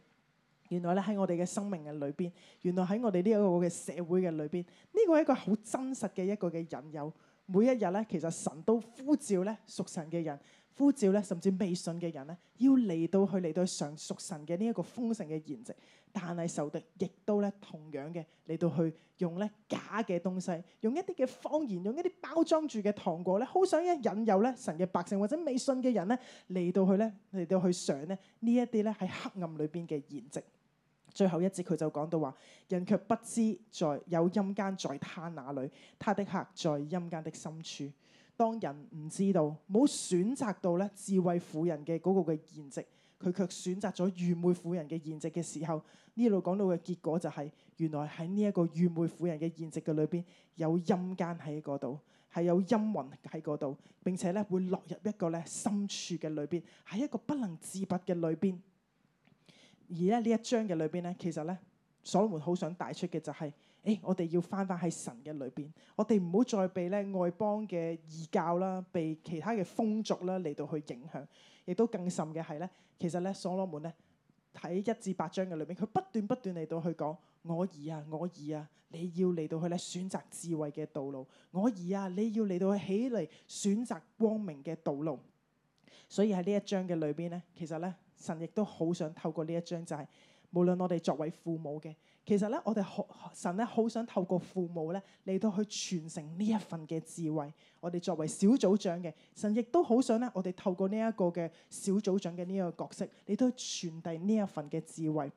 原來咧喺我哋嘅生命嘅裏邊，原來喺我哋呢、這個、一個嘅社會嘅裏邊，呢個係一個好真實嘅一個嘅引誘。每一日咧，其實神都呼召咧屬神嘅人，呼召咧甚至未信嘅人咧，要嚟到去嚟到上常屬神嘅呢一個豐盛嘅筵席。但係受敵，亦都咧同樣嘅嚟到去用咧假嘅東西，用一啲嘅謊言，用一啲包裝住嘅糖果咧，好想咧引誘咧神嘅百姓或者未信嘅人咧嚟到去咧嚟到去想呢，呢一啲咧喺黑暗裏邊嘅筵席。最後一節佢就講到話：人卻不知在有陰間在他那裏，他的客在陰間的深處。當人唔知道，冇好選擇到咧智慧婦人嘅嗰個嘅筵席，佢卻選擇咗愚昧婦人嘅筵席嘅時候。呢度講到嘅結果就係、是，原來喺呢一個愚昧婦人嘅筵席嘅裏邊，有陰間喺嗰度，係有陰魂喺嗰度，並且咧會落入一個咧深處嘅裏邊，喺一個不能自拔嘅裏邊。而咧呢一章嘅裏邊咧，其實咧，所羅門好想帶出嘅就係、是，誒我哋要返返喺神嘅裏邊，我哋唔好再被咧外邦嘅異教啦，被其他嘅風俗啦嚟到去影響，亦都更甚嘅係咧，其實咧，所羅門咧。睇一至八章嘅裏面，佢不斷不斷嚟到去講我兒啊，我兒啊，你要嚟到去咧選擇智慧嘅道路，我兒啊，你要嚟到去起嚟選擇光明嘅道路。所以喺呢一章嘅裏邊呢，其實呢，神亦都好想透過呢一章就係、是，無論我哋作為父母嘅。其實咧，我哋好神咧，好想透過父母咧嚟到去傳承呢一份嘅智慧。我哋作為小組長嘅神，亦都好想咧，我哋透過呢一個嘅小組長嘅呢個角色，嚟到傳遞呢一份嘅智慧。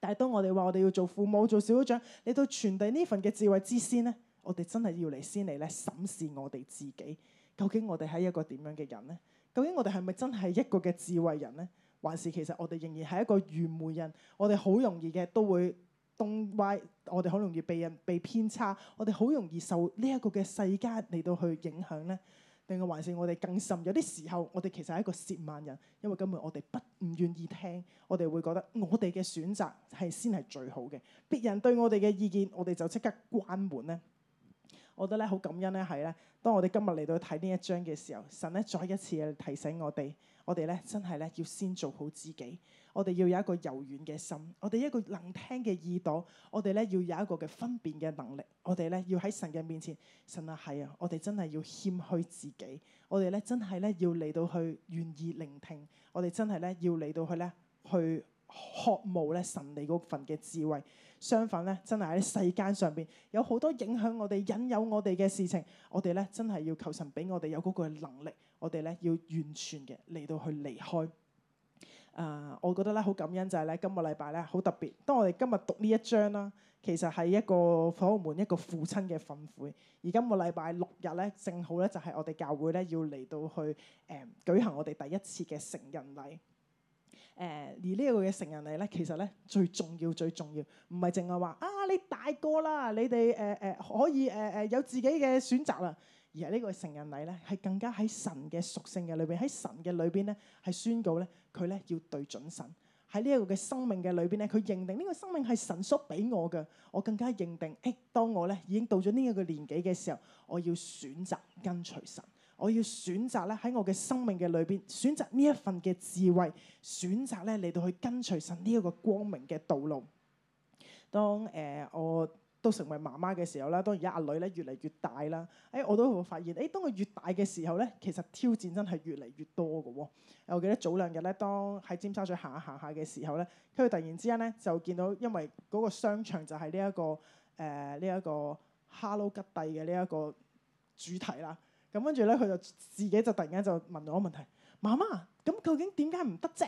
但係當我哋話我哋要做父母、做小組長嚟到傳遞呢份嘅智慧之先呢，我哋真係要嚟先嚟咧審視我哋自己，究竟我哋係一個點樣嘅人呢？究竟我哋係咪真係一個嘅智慧人呢？還是其實我哋仍然係一個愚昧人？我哋好容易嘅都會。東歪我哋好容易被人被偏差，我哋好容易受呢一個嘅世間嚟到去影響咧。另外，還是我哋更甚，有啲時候我哋其實係一個失明人，因為根本我哋不唔願意聽，我哋會覺得我哋嘅選擇係先係最好嘅，別人對我哋嘅意見，我哋就即刻關門咧。我覺得咧好感恩咧係咧，當我哋今日嚟到睇呢一章嘅時候，神咧再一次提醒我哋，我哋咧真係咧要先做好自己，我哋要有一個柔軟嘅心，我哋一個能聽嘅耳朵，我哋咧要有一個嘅分辨嘅能力，我哋咧要喺神嘅面前，神啊係啊，我哋真係要謙虛自己，我哋咧真係咧要嚟到去願意聆聽，我哋真係咧要嚟到去咧去渴慕咧神你嗰份嘅智慧。相反咧，真係喺世間上邊有好多影響我哋、引誘我哋嘅事情，我哋咧真係要求神俾我哋有嗰個能力，我哋咧要完全嘅嚟到去離開。啊、uh，我覺得咧好感恩就係咧今個禮拜咧好特別，當我哋今日讀呢一章啦，其實係一個所羅門一個父親嘅訓誨，而今個禮拜六日咧正好咧就係我哋教會咧要嚟到去誒、uh, 舉行我哋第一次嘅成人禮。誒而呢個嘅成人禮咧，其實咧最重要最重要，唔係淨係話啊你大個啦，你哋誒誒可以誒誒、呃呃、有自己嘅選擇啦，而係呢個成人禮咧，係更加喺神嘅屬性嘅裏邊，喺神嘅裏邊咧，係宣告咧佢咧要對準神喺呢一個嘅生命嘅裏邊咧，佢認定呢個生命係、這個、神所俾我嘅，我更加認定誒，當我咧已經到咗呢一個年紀嘅時候，我要選擇跟隨神。我要選擇咧喺我嘅生命嘅裏邊，選擇呢一份嘅智慧，選擇咧嚟到去跟隨神呢一個光明嘅道路。當誒、呃、我都成為媽媽嘅時候啦，當而家阿女咧越嚟越大啦。誒我都會發現，誒當佢越大嘅時候咧，其實挑戰真係越嚟越多嘅喎。我記得早兩日咧，當喺尖沙咀行下行下嘅時候咧，跟住突然之間咧就見到，因為嗰個商場就係呢一個誒呢一個 Hello 吉蒂嘅呢一個主題啦。咁跟住咧，佢就自己就突然間就問我問題：媽媽，咁究竟點解唔得啫？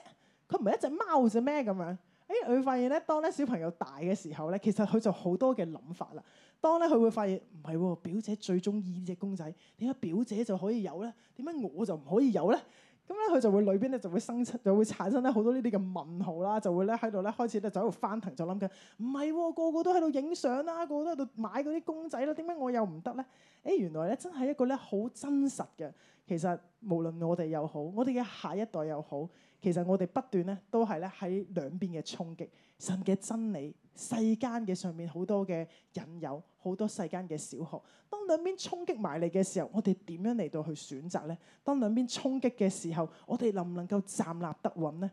佢唔係一隻貓啫咩？咁、哎、樣，誒，佢發現咧，當咧小朋友大嘅時候咧，其實佢就好多嘅諗法啦。當咧佢會發現唔係喎，表姐最中意呢隻公仔，點解表姐就可以有咧？點解我就唔可以有咧？咁咧佢就會裏邊咧就會生就會產生咧好多呢啲嘅問號啦，就會咧喺度咧開始咧就喺度翻騰，就諗緊唔係喎，個個都喺度影相啦，個個都喺度買嗰啲公仔啦、啊，點解我又唔得咧？誒、欸、原來咧真係一個咧好真實嘅，其實無論我哋又好，我哋嘅下一代又好，其實我哋不斷咧都係咧喺兩邊嘅衝擊，神嘅真理。世間嘅上面好多嘅引誘，好多世間嘅小學。當兩邊衝擊埋嚟嘅時候，我哋點樣嚟到去選擇呢？當兩邊衝擊嘅時候，我哋能唔能夠站立得穩呢？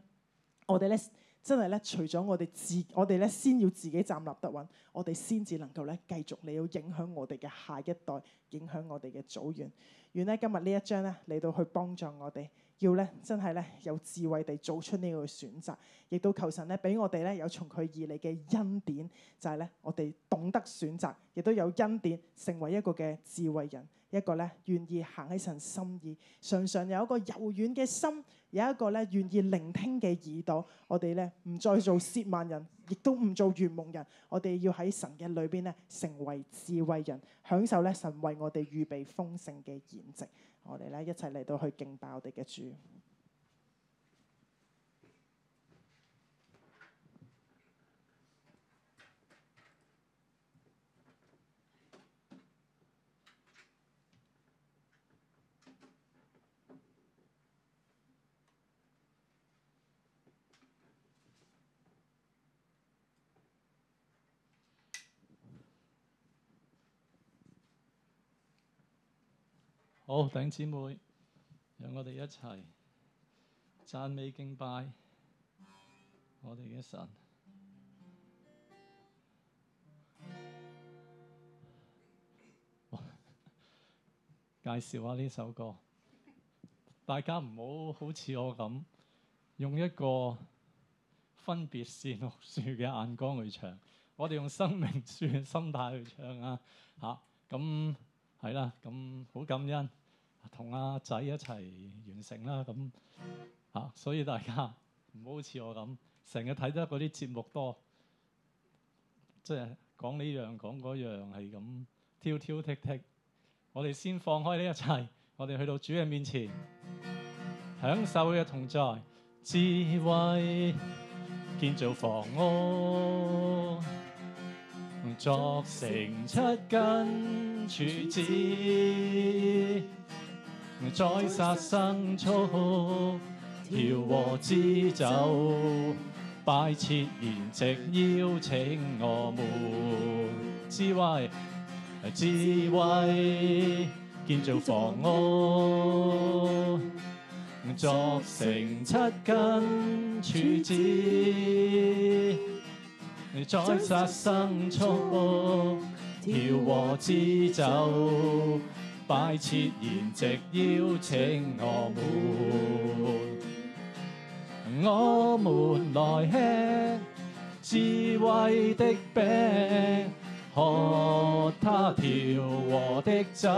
我哋咧真係咧，除咗我哋自，我哋咧先要自己站立得穩，我哋先至能夠咧繼續嚟到影響我哋嘅下一代，影響我哋嘅組員。願咧今日呢一章咧嚟到去幫助我哋。要咧真係咧有智慧地做出呢個選擇，亦都求神咧俾我哋咧有從佢而嚟嘅恩典，就係、是、咧我哋懂得選擇，亦都有恩典成為一個嘅智慧人，一個咧願意行喺神心意，常常有一個柔軟嘅心，有一個咧願意聆聽嘅耳朵，我哋咧唔再做褻慢人，亦都唔做愚蒙人，我哋要喺神嘅裏邊咧成為智慧人，享受咧神為我哋預備豐盛嘅筵席。我哋咧一齊嚟到去敬拜我哋嘅主。好，弟兄姊妹，讓我哋一齊讚美敬拜我哋嘅神。介紹下呢首歌，大家唔好好似我咁用一個分別善惡樹嘅眼光去唱，我哋用生命樹嘅心態去唱啊！吓、啊，咁係啦，咁好感恩。同阿仔一齊完成啦，咁啊，所以大家唔好似我咁，成日睇得嗰啲節目多，即係講呢樣講嗰樣，係咁挑挑剔剔。我哋先放開呢一切，我哋去到主人面前，享受嘅同在，智慧建造房屋，鑿成七根柱子。宰殺牲畜，調和之酒，擺設筵席，邀請我們智慧，智慧建造房屋，作成七根柱子，宰殺牲畜，調和之酒。擺設筵席，邀請我們，我們來吃智慧的餅，喝他調和的酒，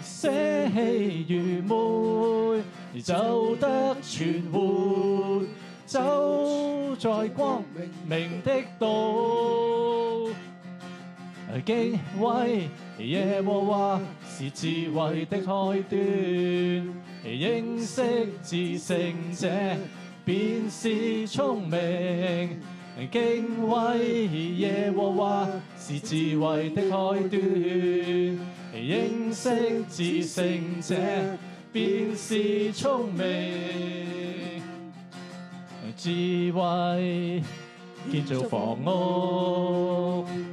捨棄愚昧，就得存活，走在光明的道。敬畏耶和華是智慧的開端，認識至聖者便是聰明。敬畏耶和華是智慧的開端，認識至聖者便是聰明。智慧建造房屋。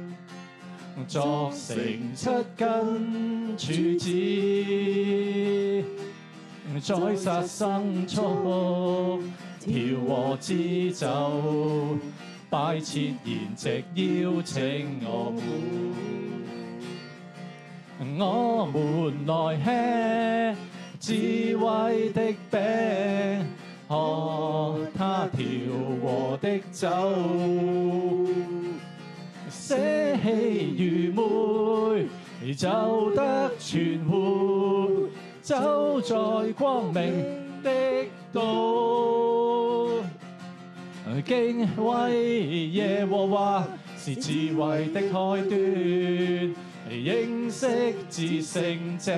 作成七根柱子，宰殺牲畜，調和之酒，擺設筵席，邀請我們，我們來吃智慧的餅，喝、啊、他調和的酒。捨棄愚昧，你就得存活，走在光明的道。敬畏耶和華是智慧的開端，認識至聖者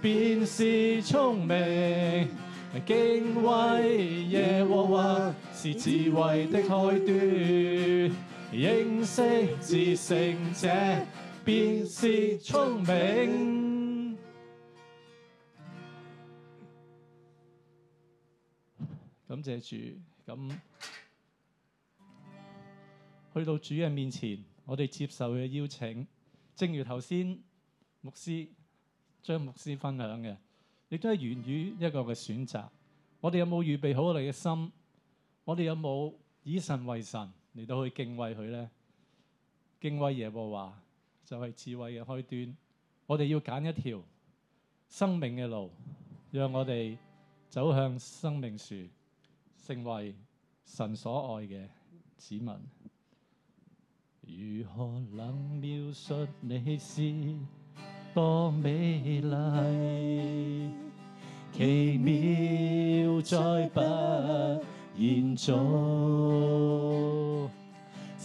便是聰明。敬畏耶和華是智慧的開端。認識至聖者，便是聰明。感謝主，咁去到主人面前，我哋接受嘅邀請，正如頭先牧師張牧師分享嘅，亦都係源於一個嘅選擇。我哋有冇預備好我哋嘅心？我哋有冇以神為神？你都可以敬畏佢咧，敬畏耶和華就係智慧嘅開端。我哋要揀一條生命嘅路，讓我哋走向生命樹，成為神所愛嘅子民。 如何能描述你是多美麗、奇妙，再不現？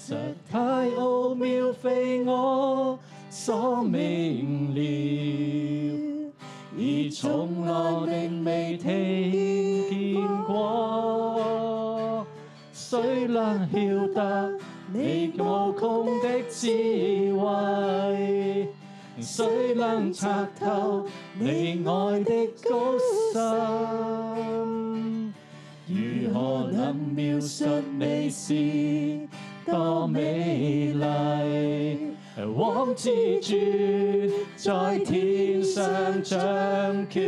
實太奧妙非我所明瞭，而從來並未聽見過。誰能曉得你無窮的智慧？誰能察透你愛的高深？如何能描述你是多美麗，往之柱在天上掌權，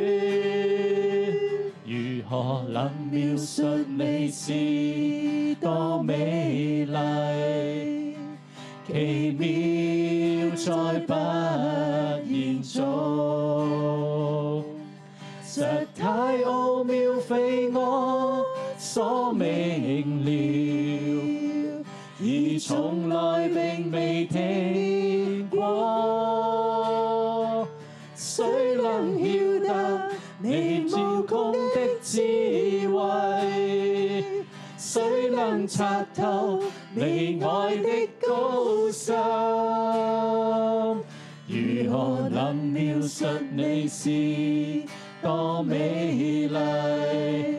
如何能描述你是多美麗？奇妙再不延續，實體奧妙非我所明了。從來並未聽過，誰能曉得你無窮的智慧？誰能察透你愛的高深？如何能描述你是多美麗？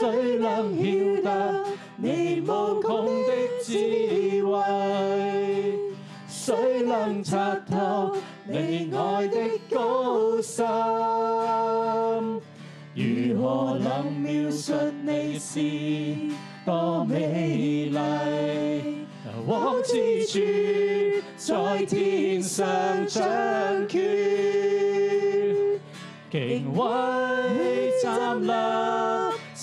誰能曉得你無窮的智慧？誰能察透你愛的高深？如何能描述你是多美麗？我、啊、之主在天上掌權，敬畏站立。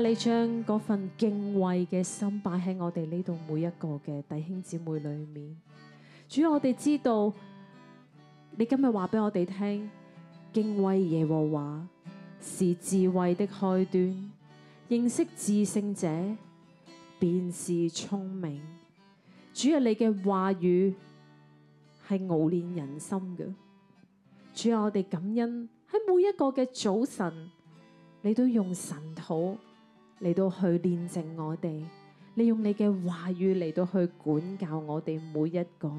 你將嗰份敬畏嘅心擺喺我哋呢度每一個嘅弟兄姊妹裏面，主要我哋知道你今日話俾我哋聽，敬畏耶和華是智慧的開端，認識至聖者便是聰明。主要你嘅話語係熬煉人心嘅。主要我哋感恩喺每一個嘅早晨，你都用神土。嚟到去煉淨我哋，利用你嘅話語嚟到去管教我哋每一個。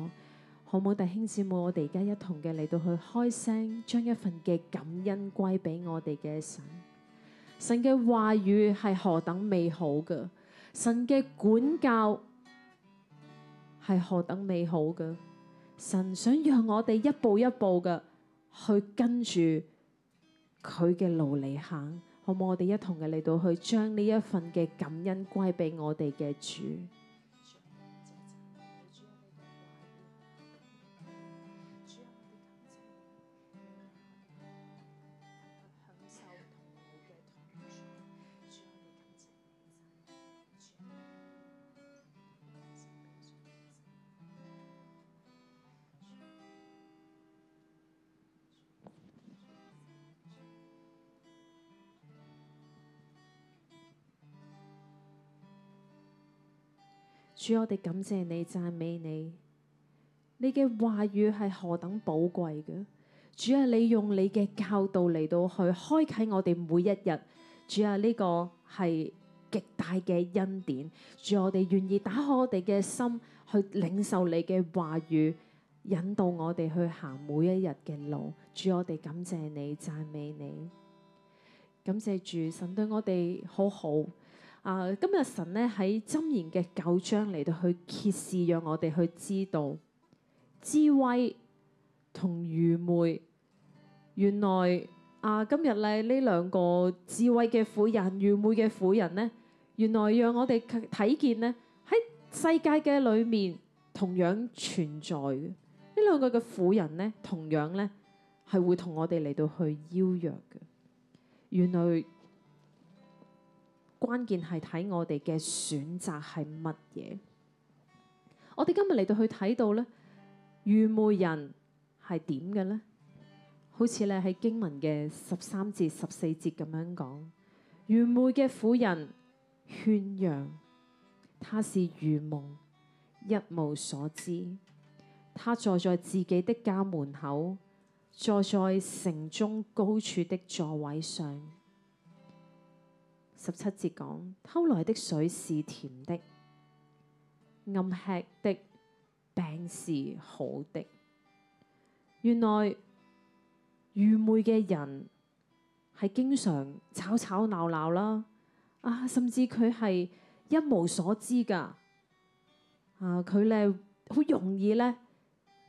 好冇？弟兄姊妹，我哋而家一同嘅嚟到去開聲，將一份嘅感恩歸俾我哋嘅神。神嘅話語係何等美好嘅，神嘅管教係何等美好嘅。神想讓我哋一步一步嘅去跟住佢嘅路嚟行。好唔好我哋一同嘅嚟到去，將呢一份嘅感恩歸俾我哋嘅主？主，我哋感謝你，讚美你，你嘅話語係何等寶貴嘅。主啊，你用你嘅教導嚟到去開啟我哋每一日。主啊，呢個係極大嘅恩典。主啊，我哋願意打開我哋嘅心去領受你嘅話語，引導我哋去行每一日嘅路。主啊，我哋感謝你，讚美你，感謝主神，神對我哋好好。啊！今日神咧喺箴言嘅九章嚟到去揭示，讓我哋去知道智慧同愚昧。原來啊，今日咧呢兩個智慧嘅婦人、愚昧嘅婦人呢，原來讓我哋睇見呢，喺世界嘅裏面同樣存在嘅呢兩個嘅婦人呢，同樣呢係會同我哋嚟到去邀約嘅。原來。關鍵係睇我哋嘅選擇係乜嘢。我哋今日嚟到去睇到呢愚昧人係點嘅呢？好似你喺經文嘅十三至十四節咁樣講，愚昧嘅婦人喧嚷，他是愚蒙，一無所知。他坐在自己的家門口，坐在城中高處的座位上。十七節講偷來的水是甜的，暗吃的餅是好的。原來愚昧嘅人係經常吵吵鬧鬧啦，啊，甚至佢係一無所知㗎，啊，佢呢好容易呢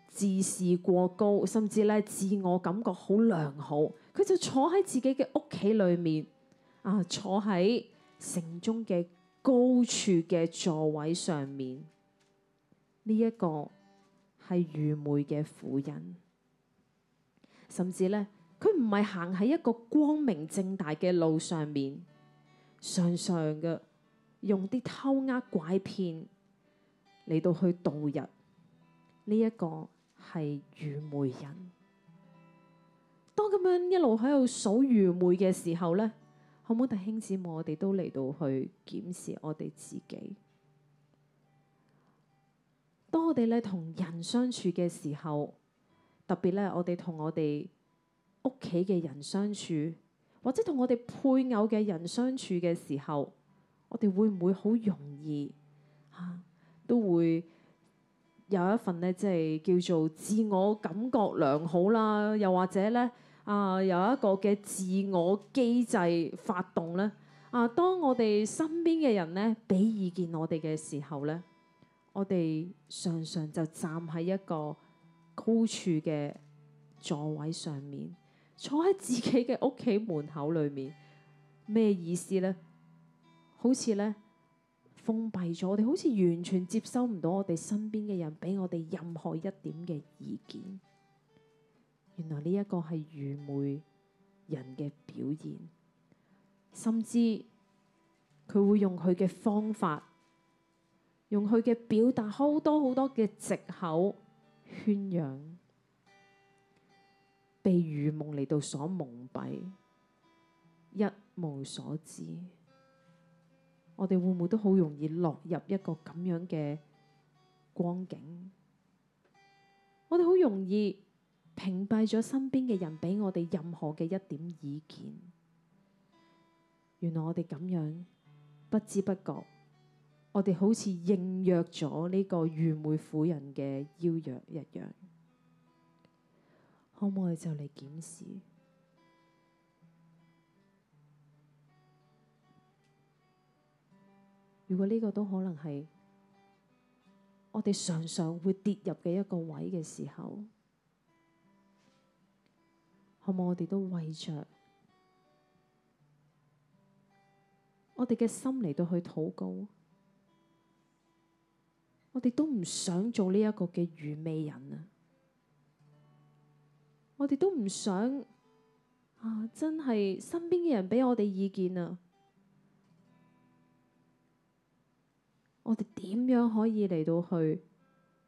自視過高，甚至呢自我感覺好良好，佢就坐喺自己嘅屋企裏面。啊！坐喺城中嘅高處嘅座位上面，呢一個係愚昧嘅婦人，甚至呢，佢唔係行喺一個光明正大嘅路上面，常常嘅用啲偷呃拐騙嚟到去度日，呢一個係愚昧人。當咁樣一路喺度數愚昧嘅時候呢。好唔好？弟兄姊妹，我哋都嚟到去檢視我哋自己。當我哋咧同人相處嘅時候，特別咧，我哋同我哋屋企嘅人相處，或者同我哋配偶嘅人相處嘅時候，我哋會唔會好容易嚇，啊，都會有一份咧，即係叫做自我感覺良好啦，又或者咧。啊，有一個嘅自我機制發動呢，啊，當我哋身邊嘅人呢俾意見我哋嘅時候呢，我哋常常就站喺一個高處嘅座位上面，坐喺自己嘅屋企門口裏面，咩意思呢？好似呢，封閉咗，我哋好似完全接收唔到我哋身邊嘅人俾我哋任何一點嘅意見。原來呢一個係愚昧人嘅表現，甚至佢會用佢嘅方法，用佢嘅表達好多好多嘅藉口圈養，被愚昧嚟到所蒙蔽，一無所知。我哋會唔會都好容易落入一個咁樣嘅光景？我哋好容易。屏蔽咗身邊嘅人俾我哋任何嘅一點意見，原來我哋咁樣不知不覺，我哋好似應約咗呢個愚昧婦人嘅邀約一樣，可唔可以就嚟檢視？如果呢個都可能係我哋常常會跌入嘅一個位嘅時候。可唔我哋都為着我哋嘅心嚟到去禱告，我哋都唔想做呢一個嘅愚昧人啊！我哋都唔想啊！真係身邊嘅人俾我哋意見啊！我哋點樣可以嚟到去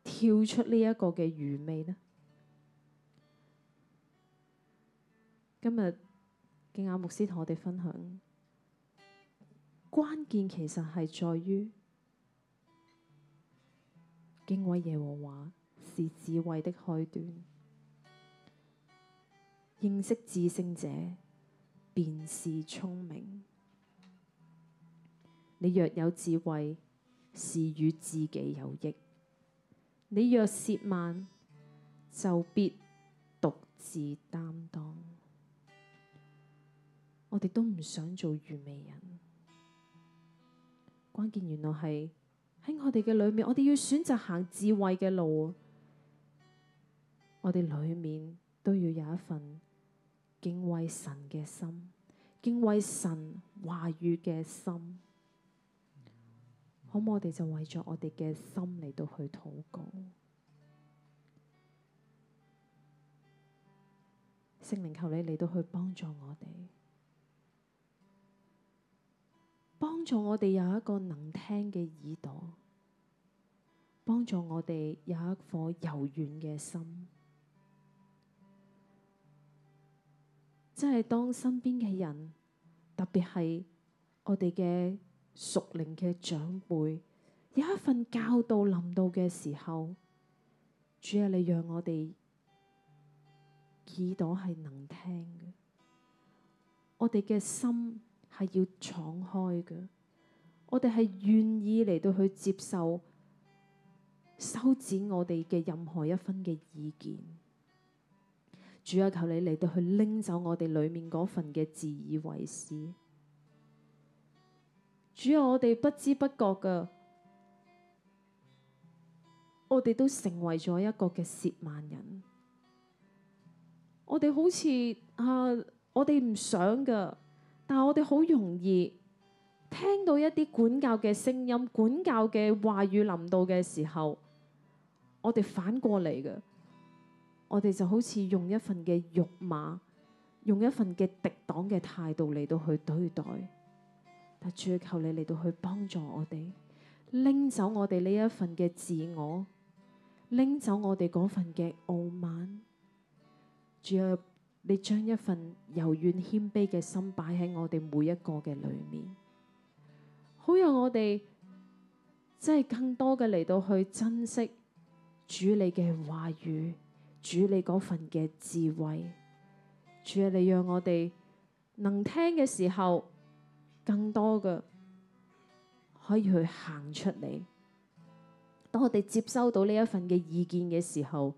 跳出呢一個嘅愚昧呢？今日敬雅牧師同我哋分享，關鍵其實係在於敬畏耶和華是智慧的開端。認識至聖者，便是聰明。你若有智慧，是與自己有益；你若褻慢，就必獨自擔當。我哋都唔想做愚昧人，關鍵原來係喺我哋嘅裏面，我哋要選擇行智慧嘅路。我哋裏面都要有一份敬畏神嘅心，敬畏神話語嘅心。好，我哋就為咗我哋嘅心嚟到去禱告，聖靈求你嚟到去幫助我哋。幫助我哋有一個能聽嘅耳朵，幫助我哋有一顆柔軟嘅心，即係當身邊嘅人，特別係我哋嘅屬靈嘅長輩，有一份教導臨到嘅時候，主啊，你讓我哋耳朵係能聽嘅，我哋嘅心，係要敞開嘅，我哋係願意嚟到去接受，修剪我哋嘅任何一分嘅意見。主啊，求你嚟到去拎走我哋裏面嗰份嘅自以為是。主啊，我哋不知不覺嘅，我哋都成為咗一個嘅褻慢人。我哋好似啊，我哋唔想噶。但係我哋好容易聽到一啲管教嘅聲音，管教嘅話語臨到嘅時候，我哋反過嚟嘅，我哋就好似用一份嘅辱罵、用一份嘅敵擋嘅態度嚟到去對待。但主求你嚟到去幫助我哋，拎走我哋呢一份嘅自我，拎走我哋嗰份嘅傲慢，你將一份柔軟謙卑嘅心擺喺我哋每一個嘅裏面，好讓我哋真係更多嘅嚟到去珍惜主你嘅話語，主你嗰份嘅智慧，主啊，你讓我哋能聽嘅時候，更多嘅可以去行出嚟。當我哋接收到呢一份嘅意見嘅時候，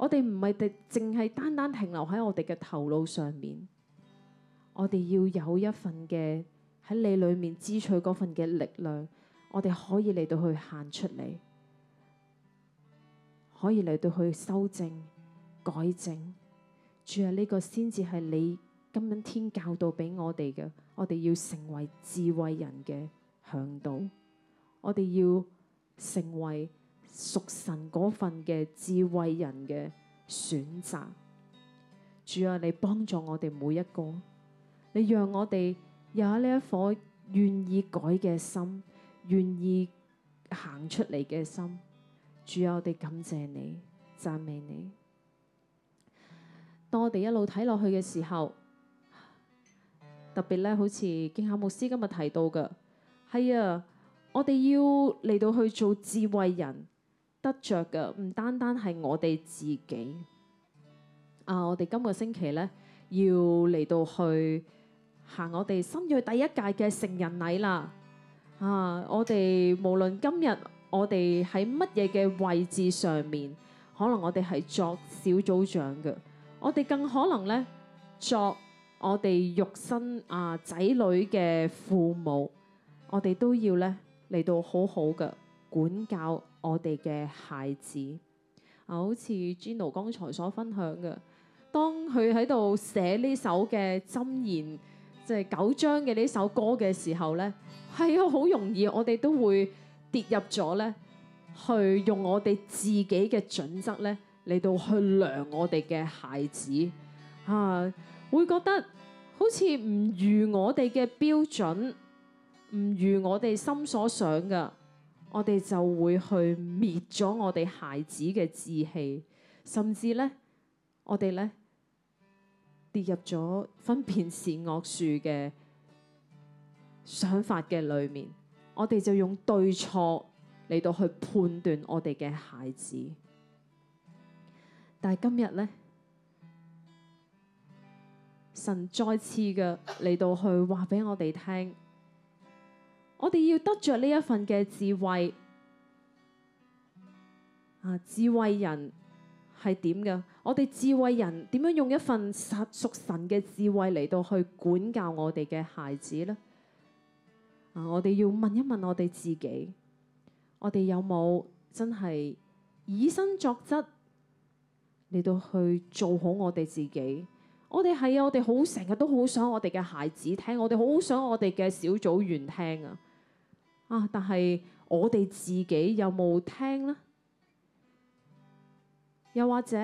我哋唔係淨係單單停留喺我哋嘅頭腦上面，我哋要有一份嘅喺你裏面支取嗰份嘅力量，我哋可以嚟到去行出嚟，可以嚟到去修正、改正。住喺呢個先至係你今日天教導俾我哋嘅，我哋要成為智慧人嘅向導，我哋要成為。屬神嗰份嘅智慧人嘅選擇，主啊，你幫助我哋每一個，你讓我哋有呢一顆願意改嘅心，願意行出嚟嘅心，主啊，我哋感謝你，讚美你。當我哋一路睇落去嘅時候，特別咧，好似敬雅牧師今日提到嘅，係啊，我哋要嚟到去做智慧人。得着嘅唔單單係我哋自己啊！我哋今個星期咧要嚟到去行我哋新銳第一屆嘅成人禮啦啊！我哋無論今日我哋喺乜嘢嘅位置上面，可能我哋係作小組長嘅，我哋更可能咧作我哋肉身啊仔女嘅父母，我哋都要咧嚟到好好嘅管教。我哋嘅孩子啊，好似 Gino 剛才所分享嘅，當佢喺度寫呢首嘅箴言，即係九章嘅呢首歌嘅時候咧，係啊，好容易我哋都會跌入咗咧，去用我哋自己嘅準則咧嚟到去量我哋嘅孩子啊，會覺得好似唔如我哋嘅標準，唔如我哋心所想嘅。我哋就會去滅咗我哋孩子嘅志氣，甚至呢，我哋呢跌入咗分辨善惡樹嘅想法嘅裏面，我哋就用對錯嚟到去判斷我哋嘅孩子。但係今日呢，神再次嘅嚟到去話俾我哋聽。我哋要得着呢一份嘅智慧，啊，智慧人係點嘅？我哋智慧人點樣用一份實屬神嘅智慧嚟到去管教我哋嘅孩子呢？啊，我哋要問一問我哋自己，我哋有冇真係以身作則嚟到去做好我哋自己？我哋係啊，我哋好成日都好想我哋嘅孩子聽，我哋好想我哋嘅小組員聽啊！啊！但係我哋自己有冇聽咧？又或者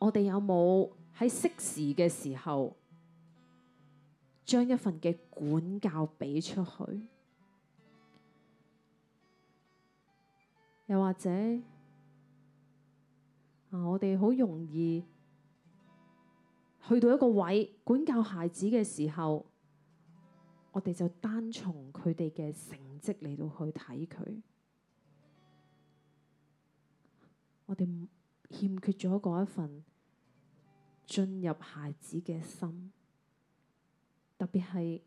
我哋有冇喺適時嘅時候，將一份嘅管教俾出去？又或者我哋好容易去到一個位管教孩子嘅時候。我哋就單從佢哋嘅成績嚟到去睇佢，我哋欠缺咗嗰一份進入孩子嘅心，特別係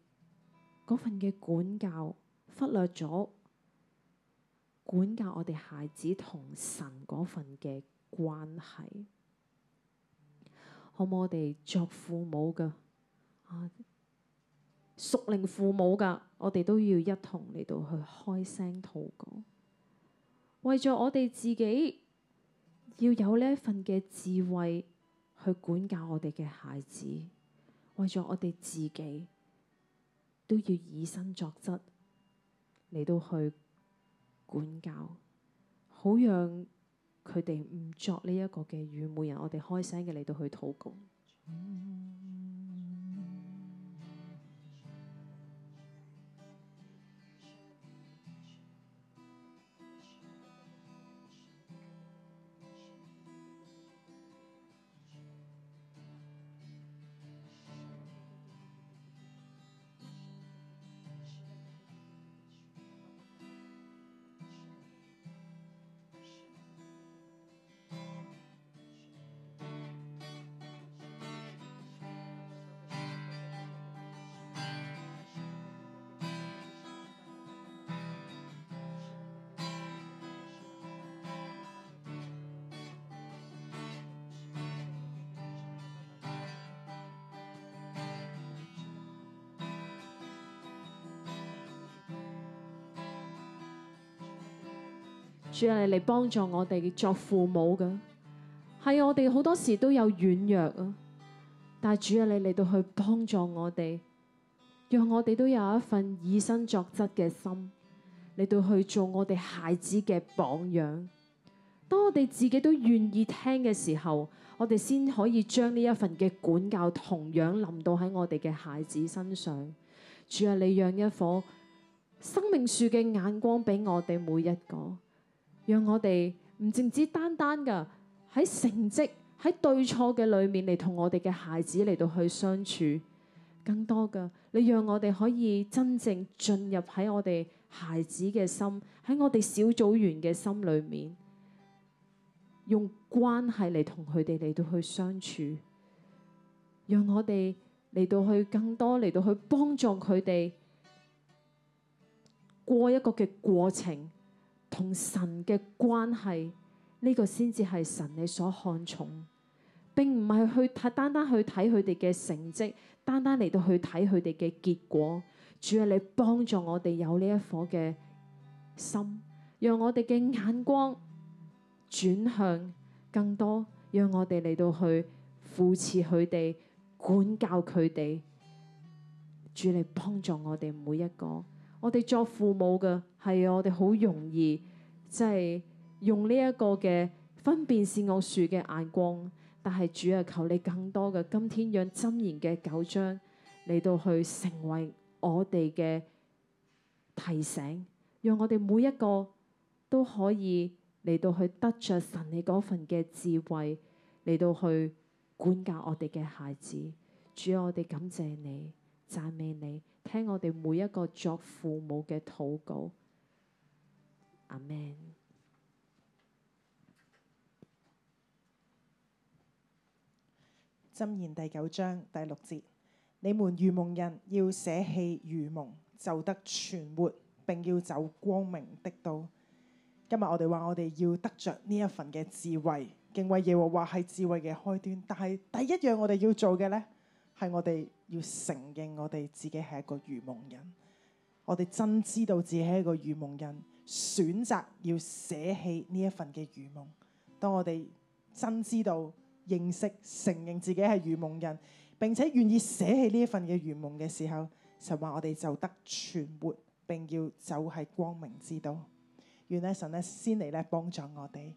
嗰份嘅管教，忽略咗管教我哋孩子同神嗰份嘅關係，可唔可以我哋作父母嘅啊？熟齡父母噶，我哋都要一同嚟到去開聲禱告，為咗我哋自己要有呢一份嘅智慧去管教我哋嘅孩子，為咗我哋自己都要以身作則嚟到去管教，好讓佢哋唔作呢一個嘅愚昧人。我哋開聲嘅嚟到去禱告。主啊，你嚟幫助我哋做父母嘅係啊，我哋好多時都有軟弱啊。但係主啊，你嚟到去幫助我哋，讓我哋都有一份以身作則嘅心嚟到去做我哋孩子嘅榜樣。當我哋自己都願意聽嘅時候，我哋先可以將呢一份嘅管教同樣臨到喺我哋嘅孩子身上。主啊，你讓一棵生命樹嘅眼光俾我哋每一個。讓我哋唔淨止單單嘅，喺成績喺對錯嘅裏面嚟，同我哋嘅孩子嚟到去相處，更多嘅，你讓我哋可以真正進入喺我哋孩子嘅心，喺我哋小組員嘅心裏面，用關係嚟同佢哋嚟到去相處，讓我哋嚟到去更多，嚟到去幫助佢哋過一個嘅過程。同神嘅關係呢個先至係神你所看重，並唔係去睇單單去睇佢哋嘅成績，單單嚟到去睇佢哋嘅結果。主啊，你幫助我哋有呢一顆嘅心，讓我哋嘅眼光轉向更多，讓我哋嚟到去扶持佢哋，管教佢哋。主要你幫助我哋每一個，我哋作父母嘅係我哋好容易。即係用呢一個嘅分辨善惡樹嘅眼光，但係主啊，求你更多嘅今天讓箴言嘅九章嚟到去成為我哋嘅提醒，讓我哋每一個都可以嚟到去得着神你嗰份嘅智慧嚟到去管教我哋嘅孩子。主，要我哋感謝你，讚美你，聽我哋每一個作父母嘅禱告。阿門。箴 Amen. 言第九章第六節：你們愚蒙人要捨棄愚蒙，就得存活，並要走光明的道。今日我哋話，我哋要得着呢一份嘅智慧，敬畏耶和華係智慧嘅開端。但係第一樣我哋要做嘅呢，係我哋要承認我哋自己係一個愚蒙人。我哋真知道自己係一個愚蒙人。選擇要捨棄呢一份嘅愚蒙，當我哋真知道、認識、承認自己係愚蒙人，並且願意捨棄呢一份嘅愚蒙嘅時候，神話我哋就得存活，並要走喺光明之道。願呢神咧先嚟咧幫助我哋，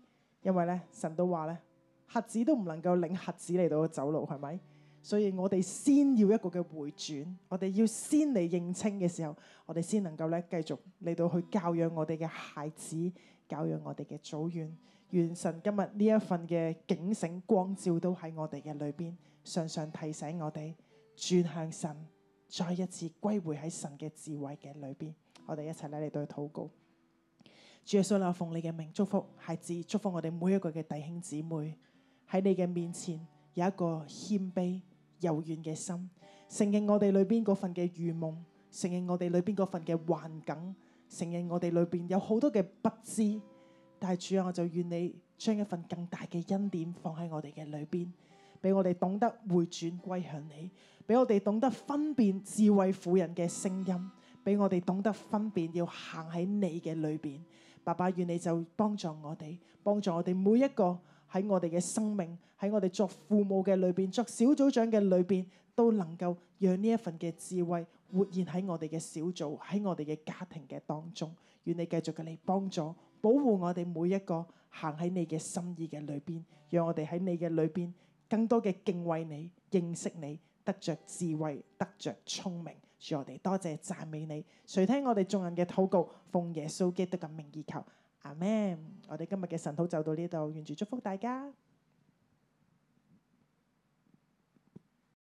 因為咧神都話咧，瞎子都唔能夠領瞎子嚟到走路，係咪？所以我哋先要一個嘅回轉，我哋要先嚟認清嘅時候，我哋先能夠咧繼續嚟到去教養我哋嘅孩子，教養我哋嘅組員。願神今日呢一份嘅警醒、光照都喺我哋嘅裏邊，常常提醒我哋轉向神，再一次歸回喺神嘅智慧嘅裏邊。我哋一齊嚟到去禱告。主耶穌，我奉你嘅名祝福孩子，祝福我哋每一個嘅弟兄姊妹喺你嘅面前有一個謙卑。柔軟嘅心，承認我哋裏邊嗰份嘅愚蒙，承認我哋裏邊嗰份嘅環境，承認我哋裏邊有好多嘅不知。但係主啊，我就願你將一份更大嘅恩典放喺我哋嘅裏邊，俾我哋懂得回轉歸向你，俾我哋懂得分辨智慧婦人嘅聲音，俾我哋懂得分辨要行喺你嘅裏邊。爸爸，願你就幫助我哋，幫助我哋每一個。喺我哋嘅生命，喺我哋作父母嘅裏邊，作小組長嘅裏邊，都能夠讓呢一份嘅智慧活現喺我哋嘅小組，喺我哋嘅家庭嘅當中。願你繼續嘅嚟幫助、保護我哋每一個行喺你嘅心意嘅裏邊，讓我哋喺你嘅裏邊更多嘅敬畏你、認識你，得着智慧、得着聰明。主我哋多謝、讚美你。垂聽我哋眾人嘅禱告，奉耶穌基督嘅名義求。阿們，我哋今日嘅晨禱就到呢度，願主祝福大家。